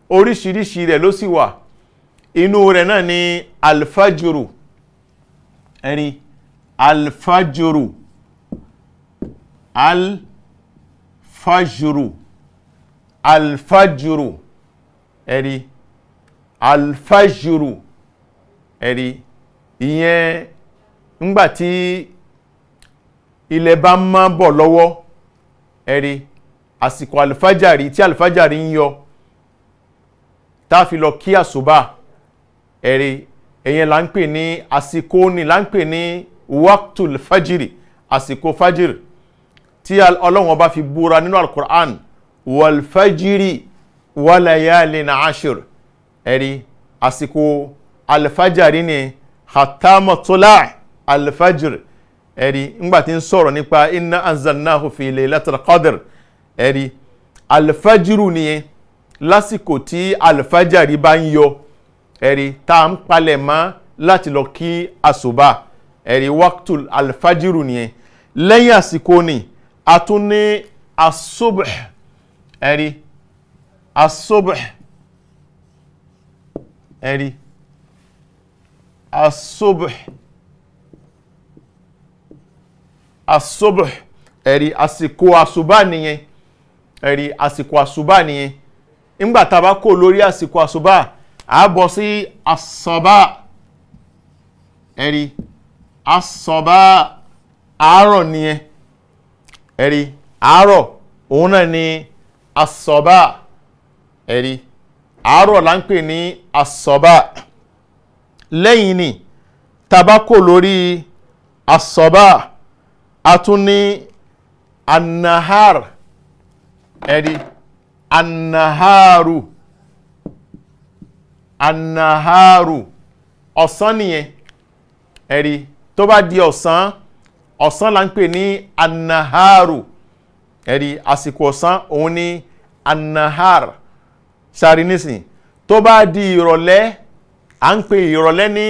oríṣiríṣi rẹ̀ ló sì wà inú rẹ̀ náà ni alfajuru ẹ̀rí alfajuru alfajuru alfajuru ẹ̀rí alfajuru ẹ̀rí ìyẹn ńgbàtí ilẹ̀ bá ń mọ́ bọ̀ lọ́wọ́ ẹ̀rí àsìkò alifájàrí tí alifájàrí ń yọ tá a fi lọ kí àsùbà ẹ̀rí èyẹn là ń pè ní àsìkò ní là ń pè ní waqtul fajiri àsìkò fajiri tí ọlọ́run ọba fi búra nínú alukur'an walfajiri walayali na ẹ̀rí àsìkò alifájàrí ni hatamatola alifájiri ẹ̀rí ńgbà tí ń sọ̀rọ̀ nípa inna anzalnahu fi laylatil qadr ẹ̀rí alifajiru nìyẹn lásìkò tí alifajari bá ń yọ ẹ̀rí tá à ń palẹ̀ mọ́ láti lọ kí àsùbà ẹ̀rí waqtul alifajiru nìyẹn lẹ́yìn àsìkò ni a tún ní asubh ẹ̀rí asubh ẹ̀rí asubh. asubh ẹ̀rí àsìkò àsùbá nìyẹn ẹ̀rí àsìkò àsùbá nìyẹn ńgbà tá a bá kó lórí àsìkò àsùbá a sí àsọ̀bá ẹ̀rí àsọ̀bá àárọ̀ nìyẹn ẹ̀rí àárọ̀ òun náà ni ẹ̀rí àárọ̀ là ń pè ní lẹ́yìn ni tá a bá kó lórí a tún ní anahar ẹ̀rí anaharu anaharu di ọ̀sán ọ̀sán la ń pè ní anaharu ẹ̀rí àsìkò ọ̀sán òun ní anahar ṣàrí nísìn tó bá di ìrọ̀lẹ́ à ń pè ìrọ̀lẹ́ ní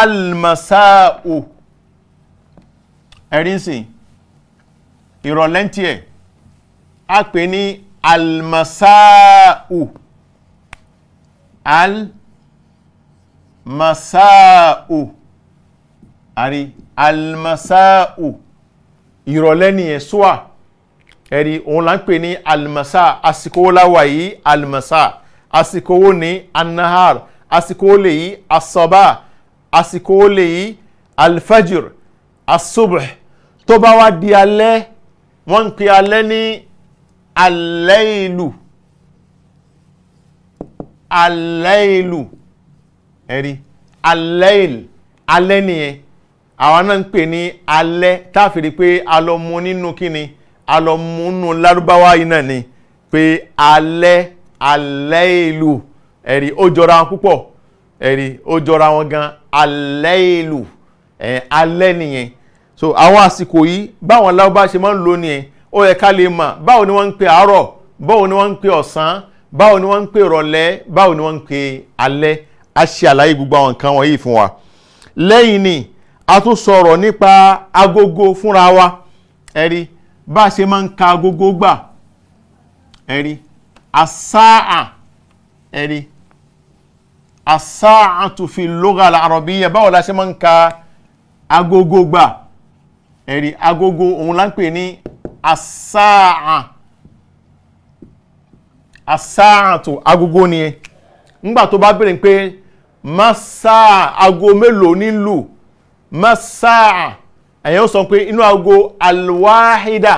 almasau ẹ̀rí sìn ìrọ̀lẹ́ tiẹ̀ a pè ní almasa'u almasa'u àrí almasa'u ìrọ̀lẹ́ ni ẹ̀ sọ́à ẹ̀rí òun là ń pè ní almasa àsìkò wo la wà yìí àsìkò wo ní anahar àsìkò lè yí asọ́bà àsìkò lè yí alfajr asubh tó bá wá di alẹ́ wọ́n ń pe alẹ́ ní alẹ́ ìlú alẹ́ ìlú ẹ̀rí alẹ́ ìlú alẹ́ nìyẹn àwọn náà ń pè ní alẹ́ táfìrí pé alọ́mú nínú kíni alọ́mú nínú lárúbáwá yìí náà ni pé alẹ́ alẹ́ ìlú ẹ̀rí ó jọra wọn púpọ̀ ẹ̀rí ó jọra wọn gan alẹ́ ìlú alẹ́ nìyẹn so àwọn àsìkò yìí báwọn lábá ṣe máa ń lò nìyẹn ó yẹ ká lè mọ̀ báwo ni wọ́n ń pe àárọ̀ báwo ni wọ́n ń pe ọ̀sán báwo ni wọ́n ń pe ìrọ̀lẹ́ báwo ni wọ́n ń pe alẹ́ a ṣe àlàyé gbogbo àwọn nǹkan wọ̀nyí fún wa lẹ́yìn ni a tún sọ̀rọ̀ nípa agogo fúnra wa ẹ̀rí bá a ṣe máa ń ka agogo gbà ẹ̀rí asáà ẹ̀rí asáà tó fi lóga làrọ̀ bí báwo la ṣe máa ń ka agogo gbà. ẹ̀rí agogo òun la ń pè ní asáà asáà tó agogo ni ẹ ńgbà tó bá bèrè pé masáà ago mélòó nílù masáà ẹ̀yẹ́ ó sọ pé inú ago alwahida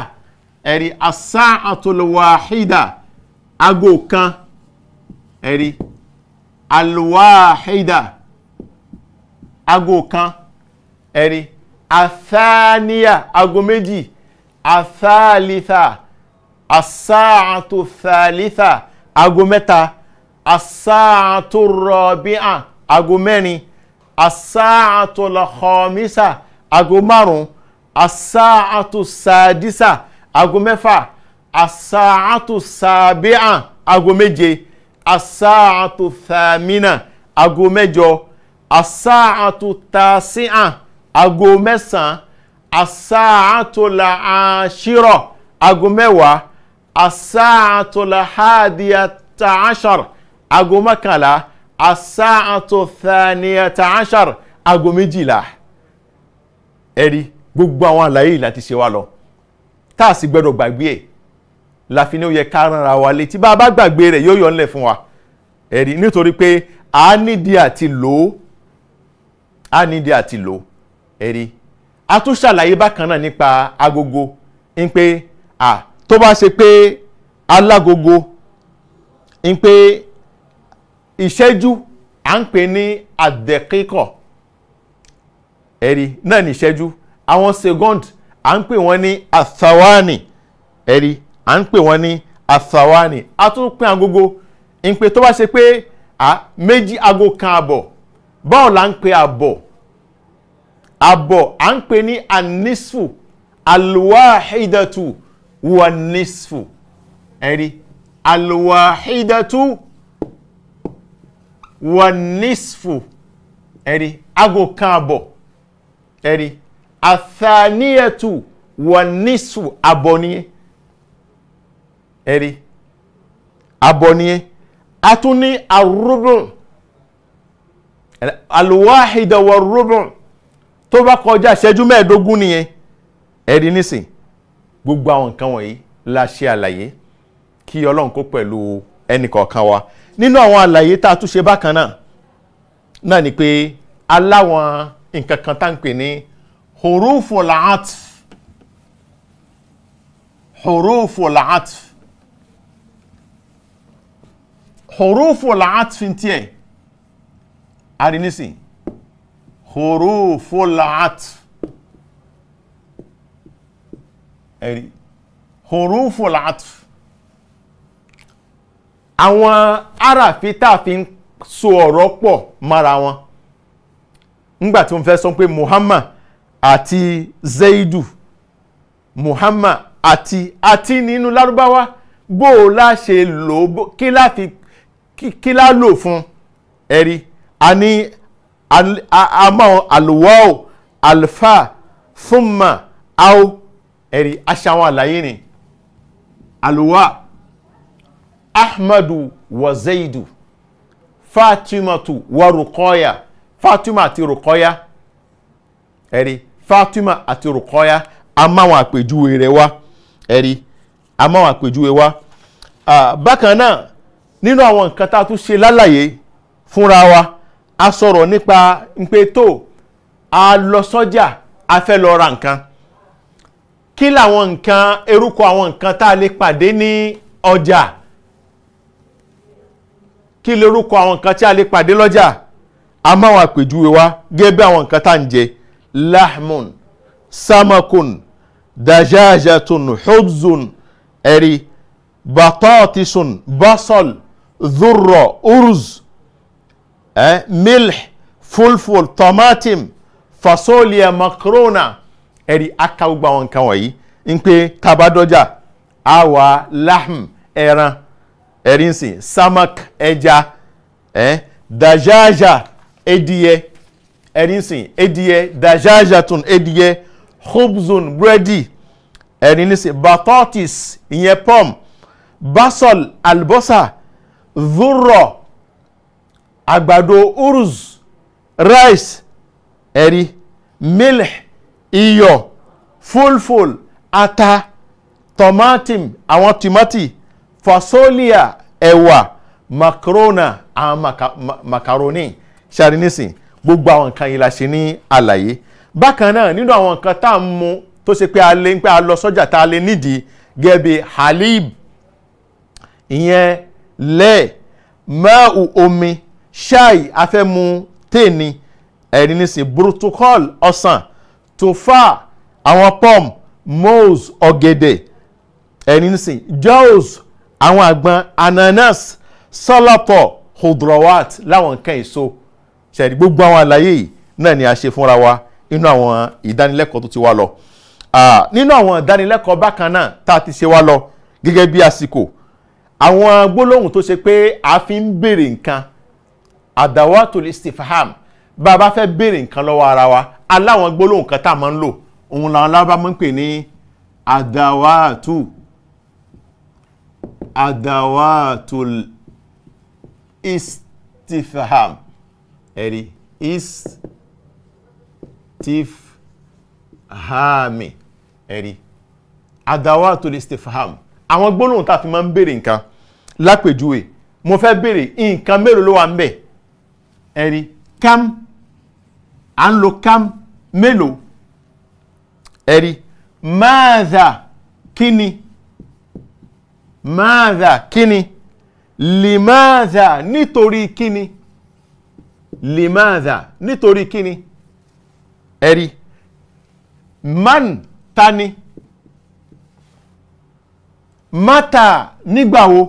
ẹ̀rí asáà tó lwáhídà ago kan ẹ̀rí alwáhídà ago kan ẹ̀rí àtháníà aago méjì àthálítà àsáàtò thálítà aago mẹ́ta àsáàtò rọ̀bíà aago mẹ́rin àsáàtò lọ́kọ̀ọ́mísà aago márùn-ún àsáàtò sàdísà aago mẹ́fà àsáàtò sàbíà aago méje àsáàtò thàmínà aago mẹ́jọ àsáàtò tàsíà aago mẹ́sàn-án asáàtòlà àṣírọ̀ aago mẹ́wàá asáàtòlà hádìyàtà àṣàr aago mọ́kànlá asáàtò thaniyàtà àṣàr aago méjìlá ẹ̀rí gbogbo àwọn àlàyé láti ṣe wá lọ tá a sì gbọ́dọ̀ gbàgbé ẹ̀ láfi ní ó yẹ ká ránra wa létí bá a bá gbàgbé rẹ̀ yóò yọ ńlẹ̀ fún wa ẹ̀rí nítorí pé a nídìí àti lò ó a nídìí àti lò ó ẹ̀rí a tún ṣàlàyé bákan náà nípa agogo ń pé à tó bá ṣe pé alágogo ń pé ìṣẹ́jú à ń pè ní àdẹ̀kíkọ̀ ẹ̀rí náà ní ìṣẹ́jú àwọn second à ń pè wọ́n ní àsàwánì ẹ̀rí à ń pè wọ́n ní àsàwánì a tún pín agogo ń pé tó bá ṣe pé à méjì ago kan àbọ̀ báwo la ń pè àbọ̀ àbọ̀ à ń pè ní anisfu alwahidatu wa nisfu ẹ̀rí alwahidatu wa nisfu ẹ̀rí ago kan àbọ̀ ẹ̀rí athaniyatu wa nisfu àbọ̀ nìyẹn ẹ̀rí àbọ̀ nìyẹn a tún ní tó bá kọjá ìṣẹ́jú mẹ́ẹ̀ẹ́dógún nìyẹn ẹ̀rí nísìn gbogbo àwọn nǹkan wọ̀nyí la ṣe àlàyé kí ọlọ́run kó pẹ̀lú ẹnìkọ̀ọ̀kan wa nínú àwọn àlàyé tá a tún ṣe bákan náà náà ni pé aláwọn nǹkan kan tá à ń pè ní huruful atf huruful atf huruful atf fi ń tiẹ̀ a nísìn حروف العطف، ẹ̀rí حروف العطف، àwọn aráàfin tá a fi ń so ọ̀rọ̀ pọ̀ mára wọn nígbà tí wọ́n fẹ́ sọ pé Muhammad àti Zaidu Muhammad àti àti nínú lárúbáwá bó o la ṣe lò ó kí la fi kí la lò fún ẹ̀rí a ní àmọ́ àlùwọ́ àlùfà fúnmà áwò ẹ̀rí aṣáwọn àlàyé ni àlùwà ahmadu wa zaidu fatimatu wa rukoya fatima àti rukoya ẹ̀rí fatima àti rukoya amáwọn àpèjúwe rẹ̀ wá ẹ̀rí amáwọn àpèjúwe wá bákan náà nínú àwọn nǹkan tá a tún ṣe lálàyé fúnra wa a sọ̀rọ̀ nípa pé tó a lọ sọ́jà a fẹ́ lọ ra nǹkan kí làwọn nǹkan erúkọ àwọn nǹkan tá a lè pàdé ní ọjà kí lorúkọ àwọn nǹkan tí a lè pàdé lọ́jà a máa wà pèjúwe wa gẹ́gẹ́ bí àwọn nǹkan tá à ń jẹ lahmun samakun dajajatun hubzun ẹ̀rí batatisun basal dhurra uruz eh, milh fulful tomatim fasolia makrona ẹ̀rí aka gbogbo àwọn nǹkan wọ̀nyí ń pé tabadọ́jà awa lahm ẹran ẹ̀rí ń sìn samak ẹja eh, dajaja ediyẹ ẹ̀rí ń sìn ediyẹ dajaja tún ediyẹ khubzun búrẹ́dì ẹ̀rí ń sìn batotis ìyẹn pọ́m basol albosa zurro àgbàdo uruz rice ẹ̀rí milk, iyọ̀ fúlfúl ata tomatim àwọn timati fasolia ẹ̀wà macrona, àwọn macaroni ṣàrínìsìn gbogbo àwọn nǹkan yìí la ṣe ní àlàyé bákan náà nínú àwọn nǹkan tá à ń mu tó ṣe pé a lè ń pẹ́ a lọ sọ́jà tá a lè nídìí gẹ́bí halib ìyẹn lẹ́ẹ̀ mẹ́ù omi ṣáì afẹ́mu téèni ẹ̀rí nísìn burtukọ́ọ̀lù ọ̀sán tufa àwọn pọ́m mose ọ̀gẹ̀dẹ̀ ẹ̀rí nísìn jaws àwọn àgbọn ananas sọlọtọ hudrawat láwọn nǹkan èso ṣẹ̀rí gbogbo àwọn àlàyé yìí náà ni a ṣe fúnra wa nínú àwọn ìdánilẹ́kọ̀ọ́ tó ti wá lọ nínú àwọn ìdánilẹ́kọ̀ọ́ bákan náà tá a ti ṣe wá lọ gẹ́gẹ́ bí àsìkò àwọn gbólóhùn tó ṣe pé a fi ń béèrè nǹkan adawatul istifham bá a bá fẹ́ béèrè nǹkan lọ́wọ́ ara wa aláwọn gbólóhùn kan tá a máa ń lò òun làwọn lábá máa ń pè ní adawatu adawatul istifham ẹ̀rí istifhami ẹ̀rí adawatul istifham àwọn gbólóhùn tá a fi máa ń béèrè nǹkan lápèjúwe mo fẹ́ béèrè nǹkan mélòó ló wà ń bẹ̀ ẹ̀rí kam à ń lo kam mélòó ẹ̀rí máàdà kíni máàdà kíni limáàdà nítorí kíni limáàdà nítorí kíni ẹ̀rí man tani mata nígbàwo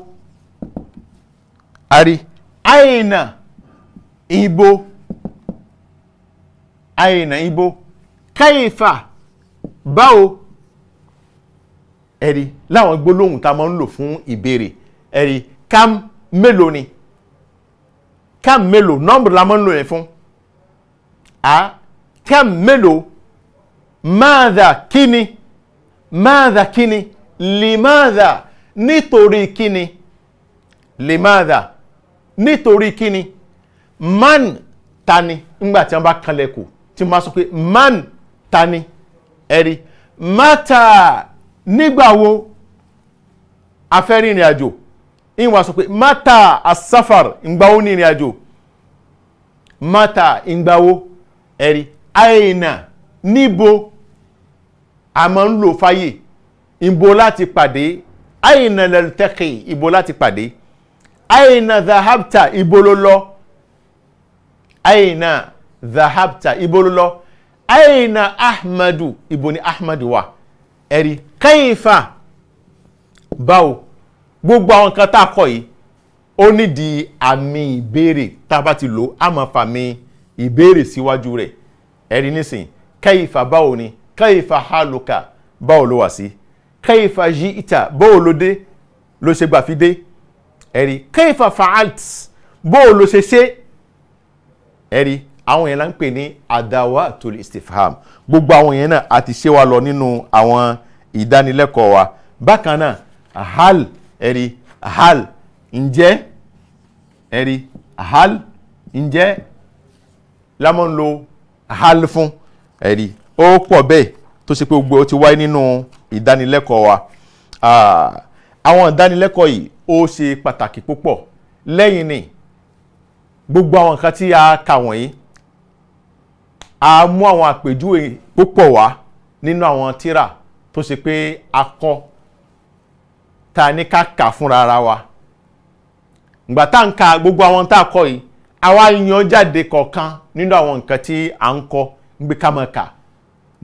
àrí àìnà Igbo aina Ibo, kaifa báwo ẹ̀rí láwọn gbólóhùn tá a máa ń lò fún ìbéèrè ẹ̀rí kam mélòó ni kam mélòó nọ́mbù la máa ń lò yẹn fún a kam mélòó máàdà kíni máàdà kíni limáàdà nítorí kíni limáàdà nítorí kíni man tani ńgbà tí wọ́n bá kanlẹ̀ kù tí wọ́n bá sọ man tani eri mata nígbà wo afẹ́rin ìrìn àjò ìwọ̀n sọ mata asafar ìgbà wo ní ìrìn mata ìgbà wo ẹ̀rí aina nibo a máa ń lò fáyè ìbo láti pàdé aina lẹ́lẹ́tẹ́kì ìbo láti pàdé aina zahabta ìbo ló lọ aina zahabta ibo ló lọ aina ahmadu ibo ni ahmadu wà ẹ̀rí kẹ́yìnfà báwo gbogbo àwọn nǹkan tá a kọ yìí ó nídìí àmì ìbéèrè tá a bá ti lò á máa fàmì ìbéèrè síwájú rẹ̀ ẹ̀rí nísìnyí kẹ́yìnfà báwo ni kẹ́yìnfà haluka báwo ló wà sí kẹ́yìnfà yí ìta báwo ló dé ló ṣe gbà fi dé ẹ̀rí kẹ́yìnfà fa'alt báwo ló ṣe ṣe ẹ̀rí àwọn yẹn la ń pè ní adawa tol istifham gbogbo àwọn yẹn náà a ti ṣe wa lọ nínú àwọn ìdánilẹ́kọ̀ọ́ wa bákan náà hal ẹ̀rí hal ǹjẹ́ ẹ̀rí hal ǹjẹ́ lámọ́ ń lo hal fún ẹ̀rí ó pọ̀ bẹ́ẹ̀ tó ṣe pé gbogbo ó ti wáyé nínú ìdánilẹ́kọ̀ọ́ wa ah, àwọn ìdánilẹ́kọ̀ọ́ yìí ó ṣe pàtàkì púpọ̀ lẹ́yìn ni gbogbo àwọn nǹkan tí a kà wọ̀nyí a mú àwọn àpèjúwe púpọ̀ wá nínú àwọn tírà tó ṣe pé a kọ ta ní ká kà fúnra ara wa ìgbà tá à ń ka gbogbo àwọn tá a kọ yìí àwa yan jáde kọ̀ọ̀kan nínú àwọn nǹkan tí à ń kọ gbé ká máa kà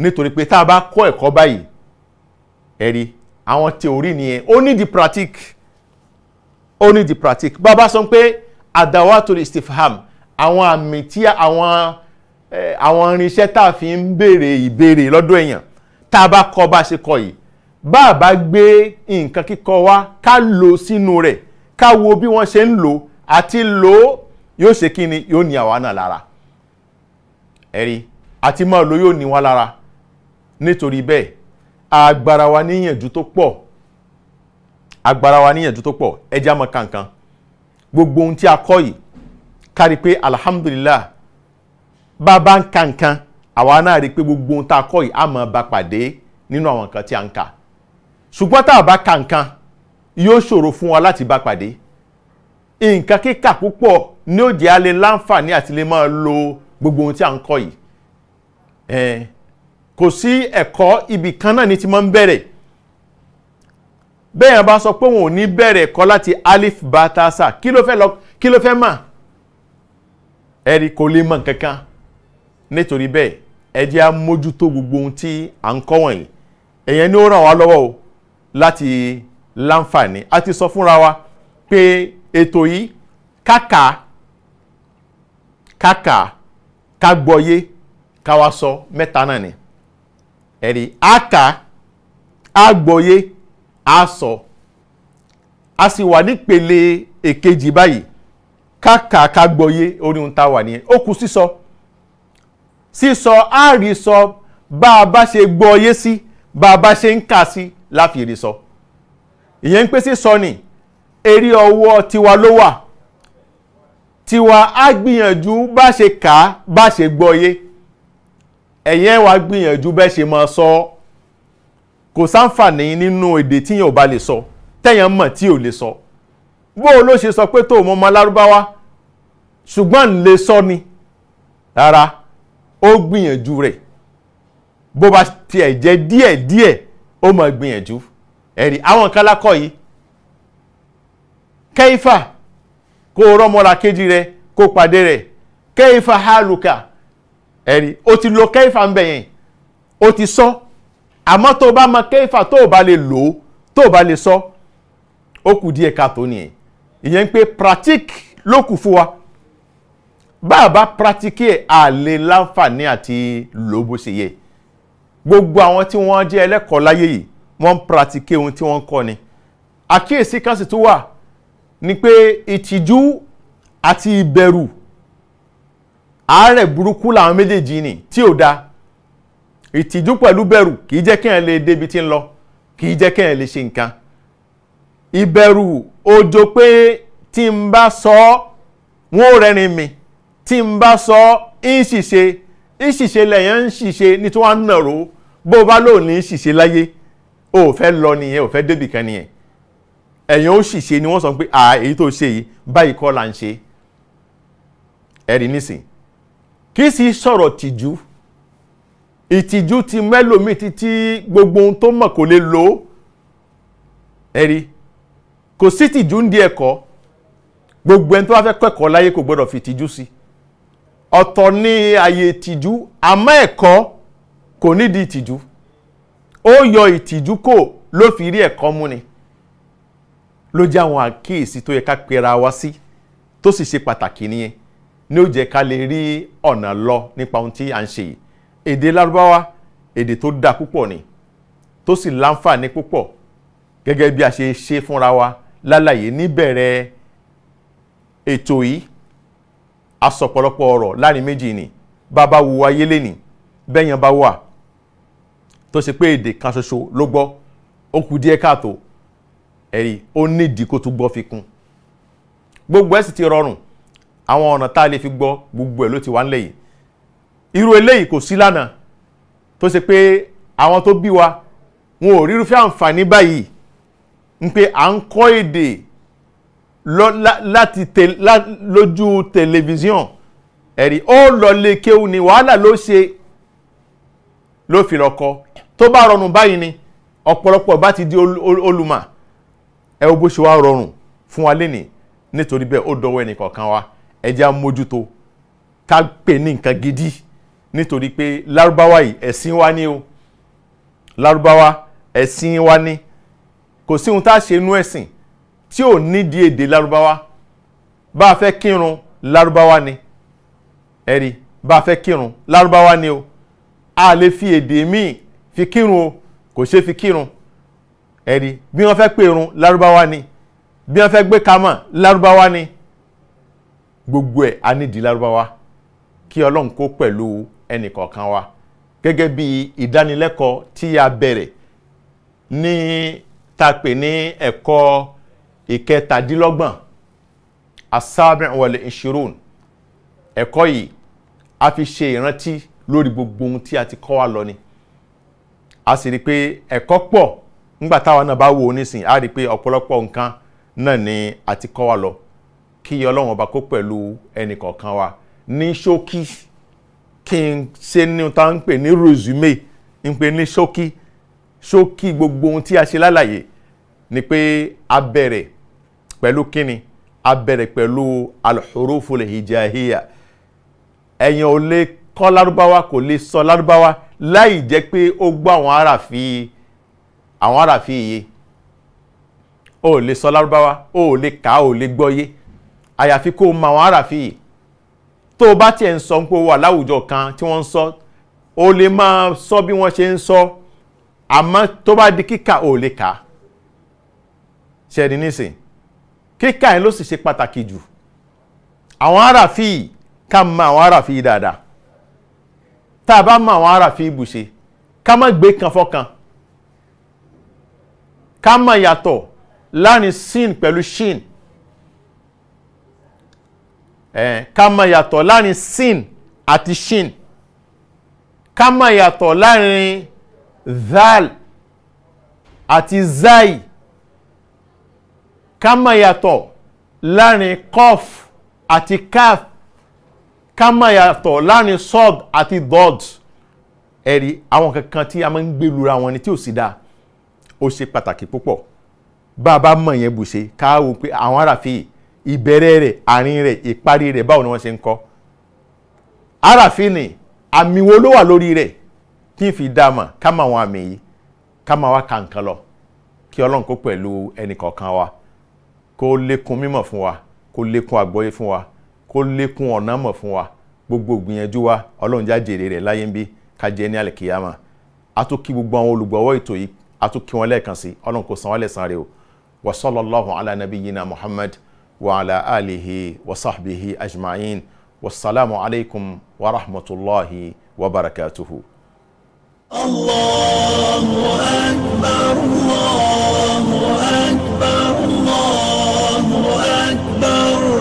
nítorí pé tá a bá kọ́ ẹ̀kọ́ báyìí ẹ̀rí àwọn tèorí nìyẹn ó ní di pratique ó ní di pratique bá a bá sọ pé adawatul istifham àwọn àmì tí àwọn àwọn irinṣẹ́ tá a fi ń béèrè ìbéèrè lọ́dọ̀ èèyàn tá a bá kọ́ bá a ṣe kọ yìí bá a bá gbé nǹkan kíkọ wá ká lò sínú rẹ̀ ká wo bí wọ́n ṣe ń lò àti lò yóò ṣe kí ni yóò ní àwa náà lára ẹ̀rí àti máa lò yóò ní wa lára nítorí bẹ́ẹ̀ agbára wa níyànjú tó pọ̀ agbára wa níyànjú tó pọ̀ ẹja mọ̀ kankan gbogbo ohun tí a kọ́ yìí kárí pé alhamdulillah bá a bá ń ka nǹkan àwa náà rí i pé gbogbo ohun tá a kọ́ yìí á máa bá pàdé nínú àwọn nǹkan tí a ń kà ṣùgbọ́n tá a bá ka nǹkan yóò ṣòro fún wa láti bá pàdé nǹkan kíkà púpọ̀ ní òjì alẹ́ láǹfààní àti lè máa lo gbogbo ohun tí a ń kọ́ yìí kò sí ẹ̀kọ́ ibì kan náà ni ti máa ń bẹ̀rẹ̀ bẹ́ẹ̀ yẹn bá sọ pé òun ò ní bẹ̀rẹ̀ ẹ̀kọ́ láti alif batasa kí ló fẹ́ lọ kí ló fẹ́ mà ẹ̀rí kò lè mọ̀ kankan nítorí bẹ́ẹ̀ ẹ jẹ́ á mójútó gbogbo ohun tí à ń kọ́ wọ̀nyí èyàn ni ó ràn wá lọ́wọ́ o láti láǹfààní a ti sọ fúnra wa pé ètò yìí kàkà kàkà ká gbọ́yé sọ mẹ́ta náà ni ẹ̀rí àkà á á sọ a sì wà nípele èkejì báyìí kákàká gbọ́yé orí ohun tá a wà nìyẹn ó kù sísọ sísọ àárí sọ bá a bá ṣe gbọ́yé sí bá a bá ṣe ń kà sí láfìrí sọ ìyẹn ń pè sísọ ni eré ọwọ́ tiwa ló wà tiwa á gbìyànjú bá ṣe kà á bá ṣe gbọ́yé ẹ̀yẹn wàá gbìyànjú bẹ́ẹ̀ ṣe máa sọ ọ́ kò sáǹfààní nínú èdè tíyàn ò bá lè sọ tẹ̀yàn mọ̀ tí ò lè sọ bó o ló ṣe sọ pé tó o mọ ọmọ lárúbáwá ṣùgbọ́n lè sọ ni rárá ó gbìyànjú rẹ̀ bó bá tiẹ̀ jẹ́ díẹ̀ díẹ̀ ó máa gbìyànjú ẹ̀rí àwọn kan yìí kẹ́ífà kó o rọ́mọ́ra kejì rẹ kó o pàdé rẹ̀ kẹ́ífà hálùkà ẹ̀rí o ti lo kẹ́ífà ń bẹ̀ o ti sọ. So àmọ́ tó o bá mọ kéfà tó o bá lè lò ó tó o bá lè sọ ó kù díẹ̀ káàtó nìyẹn ìyẹn ń pé pratique ló kù fún wa bá a bá pratique a lè láǹfààní àti lò bó ṣe yẹ gbogbo àwọn tí wọ́n jẹ́ ẹlẹ́kọ̀ọ́ láyé yìí wọ́n ń pratique ohun tí wọ́n ń kọ́ ni àkíyèsí kan sì tún wà ni pé ìtìjú àti ìbẹ̀rù àárẹ̀ burúkú làwọn méjèèjì ni tí ò dáa ìtìjú pẹ̀lú bẹ̀rù kì í jẹ́ kí ẹ̀ lè débi tí ń lọ kì í jẹ́ kí ẹ̀ lè ṣe nǹkan ìbẹ̀rù ojo pé tí n bá sọ ọ́ wọn ò rẹ́rìn mi tí n bá sọ ọ́ ń ṣìṣe ń ṣìṣe lẹ́yìn ń ṣìṣe ní tí wọ́n á nàró bó o bá lóun ní ṣìṣe láyé o ò fẹ́ lọ nìyẹn o ò fẹ́ débi kan nìyẹn ẹ̀yìn ó ṣìṣe ni wọ́n sọ pé à èyí tó ṣe yìí báyìí kọ́ là ń ṣe ẹ̀rí nísìn kì sì sọ̀rọ̀ tìjú ìtìjú ti mẹ́lòmíì títí gbogbo ohun tó mọ̀ kò lè lò ó ẹ̀rí kò sí tìjú ń di ẹ̀kọ́ gbogbo ẹni tó bá fẹ́ kẹ́kọ̀ọ́ láyé kò gbọ́dọ̀ fi tìjú sí ọ̀tọ̀ ní àyè ìtìjú àmọ́ ẹ̀kọ́ kò nídìí ìtìjú ó yọ ìtìjú kò ló fi rí ẹ̀kọ́ mú ni ló jẹ́ àwọn àkíyèsí tó yẹ ká pera wa sí tó sì ṣe pàtàkì nìyẹn ni ó jẹ́ ká lè rí ọ̀nà lọ nípa ohun tí à ń ṣe yìí èdè lárúbáwá èdè tó dáa púpọ̀ ni tó sì láǹfààní púpọ̀ gẹ́gẹ́ bí a ṣe ṣe fúnra wa lálàyé níbẹ̀rẹ̀ ètò yìí asọ̀pọ̀lọpọ̀ ọ̀rọ̀ láàrin méjì ni bàbá wo ayé lẹ́nì bẹ́yàn bá wà tó ṣe pé èdè kan ṣoṣo ló gbọ́ ó kù díẹ̀ káàtó ẹ̀rí ó nídìí kó tún gbọ́ fi kún gbogbo ẹ̀ sì ti rọrùn àwọn ọ̀nà tá a lè fi gbọ́ gbogbo ẹ̀ ló ti wà nílẹ̀ yìí irú eléyìí kò sí lánàá tó ṣe pé àwọn tó bí wa wọn ò rírúfẹ́ àǹfààní báyìí ń pé à ń kọ́ èdè láti lójú tẹlifíṣàn ẹ̀rí ó lọlé kéwù ni wàhálà ló ṣe ló fi lọ́kọ tó bá rọrùn báyìí ni ọ̀pọ̀lọpọ̀ bá ti di olùmọ̀ ẹ ó bó ṣe wá rọrùn fún wa lénìí nítorí bẹ́ẹ̀ ó dọwọ́ ẹnìkọ̀ọ̀kan wa ẹ jẹ́ á mójútó ká pè ní nǹkan gidi nítorí pé lárúbáwá yìí ẹ̀sìn wa ni o lárúbáwá ẹ̀sìn wa ni kò sí ohun tá a ṣe inú ẹ̀sìn tí ò nídìí èdè lárúbáwá bá a fẹ́ kírun lárúbáwá ni ẹ̀rí bá a fẹ́ kírun lárúbáwá ni o a lè fi èdè míì fi kírun o kò ṣeé fi kírun ẹ̀rí bí wọ́n fẹ́ pèrun lárúbáwá ni bí wọ́n fẹ́ gbé kamọ̀ lárúbáwá ni gbogbo ẹ̀ a nídìí lárúbáwá kí ọlọ́run kó pẹ̀lú ẹnìkọ̀ọ̀kan wa gẹ́gẹ́ bí ìdánilẹ́kọ̀ọ́ tí a bẹ̀rẹ̀ ní tá a pè ní ẹ̀kọ́ ìkẹtàdínlọ́gbọ̀n asábẹ̀ wọlé ìṣirún ẹ̀kọ́ yìí a fi ṣe ìrántí lórí gbogbo ohun tí a ti kọ́ wa lọ ni a sì rí i pé ẹ̀kọ́ pọ̀ nígbà táwa náà bá wò ó nísìn a rí i pé ọ̀pọ̀lọpọ̀ nǹkan náà ni a ti kọ́ wa lọ kí Ọlọ́run ọba kó pẹ̀lú ẹnìkọ̀ọ̀kan wa ní ṣókí kí n ṣe ní ta ń pè ní resume ń pè ní ṣókí ṣókí gbogbo ohun tí a ṣe lálàyé ni pé a bẹ̀rẹ̀ pẹ̀lú kíni a bẹ̀rẹ̀ pẹ̀lú alhuruful hijahiya ẹ̀yin ò lè kọ́ lárúbáwá kò lè sọ lárúbáwá láì jẹ́ pé ó gbọ́ àwọn ará fi àwọn ará fi iye o ò lè sọ lárúbáwá o lè kà á o lè gbọ́ yé àyàfi kó o mọ àwọn ará fi iye tó o bá tiẹ̀ ń sọ pé o wà láwùjọ kan tí wọ́n ń sọ o lè máa sọ bí wọ́n ṣe ń sọ àmọ́ tó bá di kíkà o lè kà á ṣẹ́ni nísìn kíkà yẹn ló sì ṣe pàtàkì jù àwọn aráàfíì ká mọ àwọn aráàfíì dáadáa tá a bá mọ àwọn aráàfíì bùṣe ká má gbé kan fọ́kan ká má yàtọ̀ láàrin sin pẹ̀lú shin ẹ̀ ká mọ yàtọ̀ láàrin sin àti shin ká mọ yàtọ̀ láàrin zal àti zai ká mọ yàtọ̀ láàrin kof àti kaf ká mọ yàtọ̀ láàrin sod àti dod ẹ̀rí àwọn kankan tí a máa ń gbé lura wọn ni tí ò sí dáa ó ṣe pàtàkì púpọ̀ bá a bá mọ̀ yẹn bù ká wò pé àwọn aráàfin yìí ìbẹ̀rẹ̀ rẹ̀ àárín rẹ̀ ìparí rẹ̀ báwo ni wọ́n ṣe ń kọ́ aráàfin àmì wo ló wà lórí rẹ̀ kí n fi dá a mọ̀ ká máa wọn àmì yìí ká máa wá ka nǹkan lọ kí ọlọ́run kó pẹ̀lú ẹnì kọ̀ọ̀kan wa kó lékún mímọ̀ fún wa kó lékún àgbọ́yé fún wa kó wa gbogbo gbìyànjú wa ọlọ́run já jèrè rẹ̀ láyé ń bí ká jẹ́ ní a tún kí gbogbo àwọn olùgbọ̀wọ́ ètò yìí a tún kí wọn lẹ́ẹ̀kan sí Muhammad وعلى آله وصحبه أجمعين والسلام عليكم ورحمة الله وبركاته الله أكبر الله أكبر الله أكبر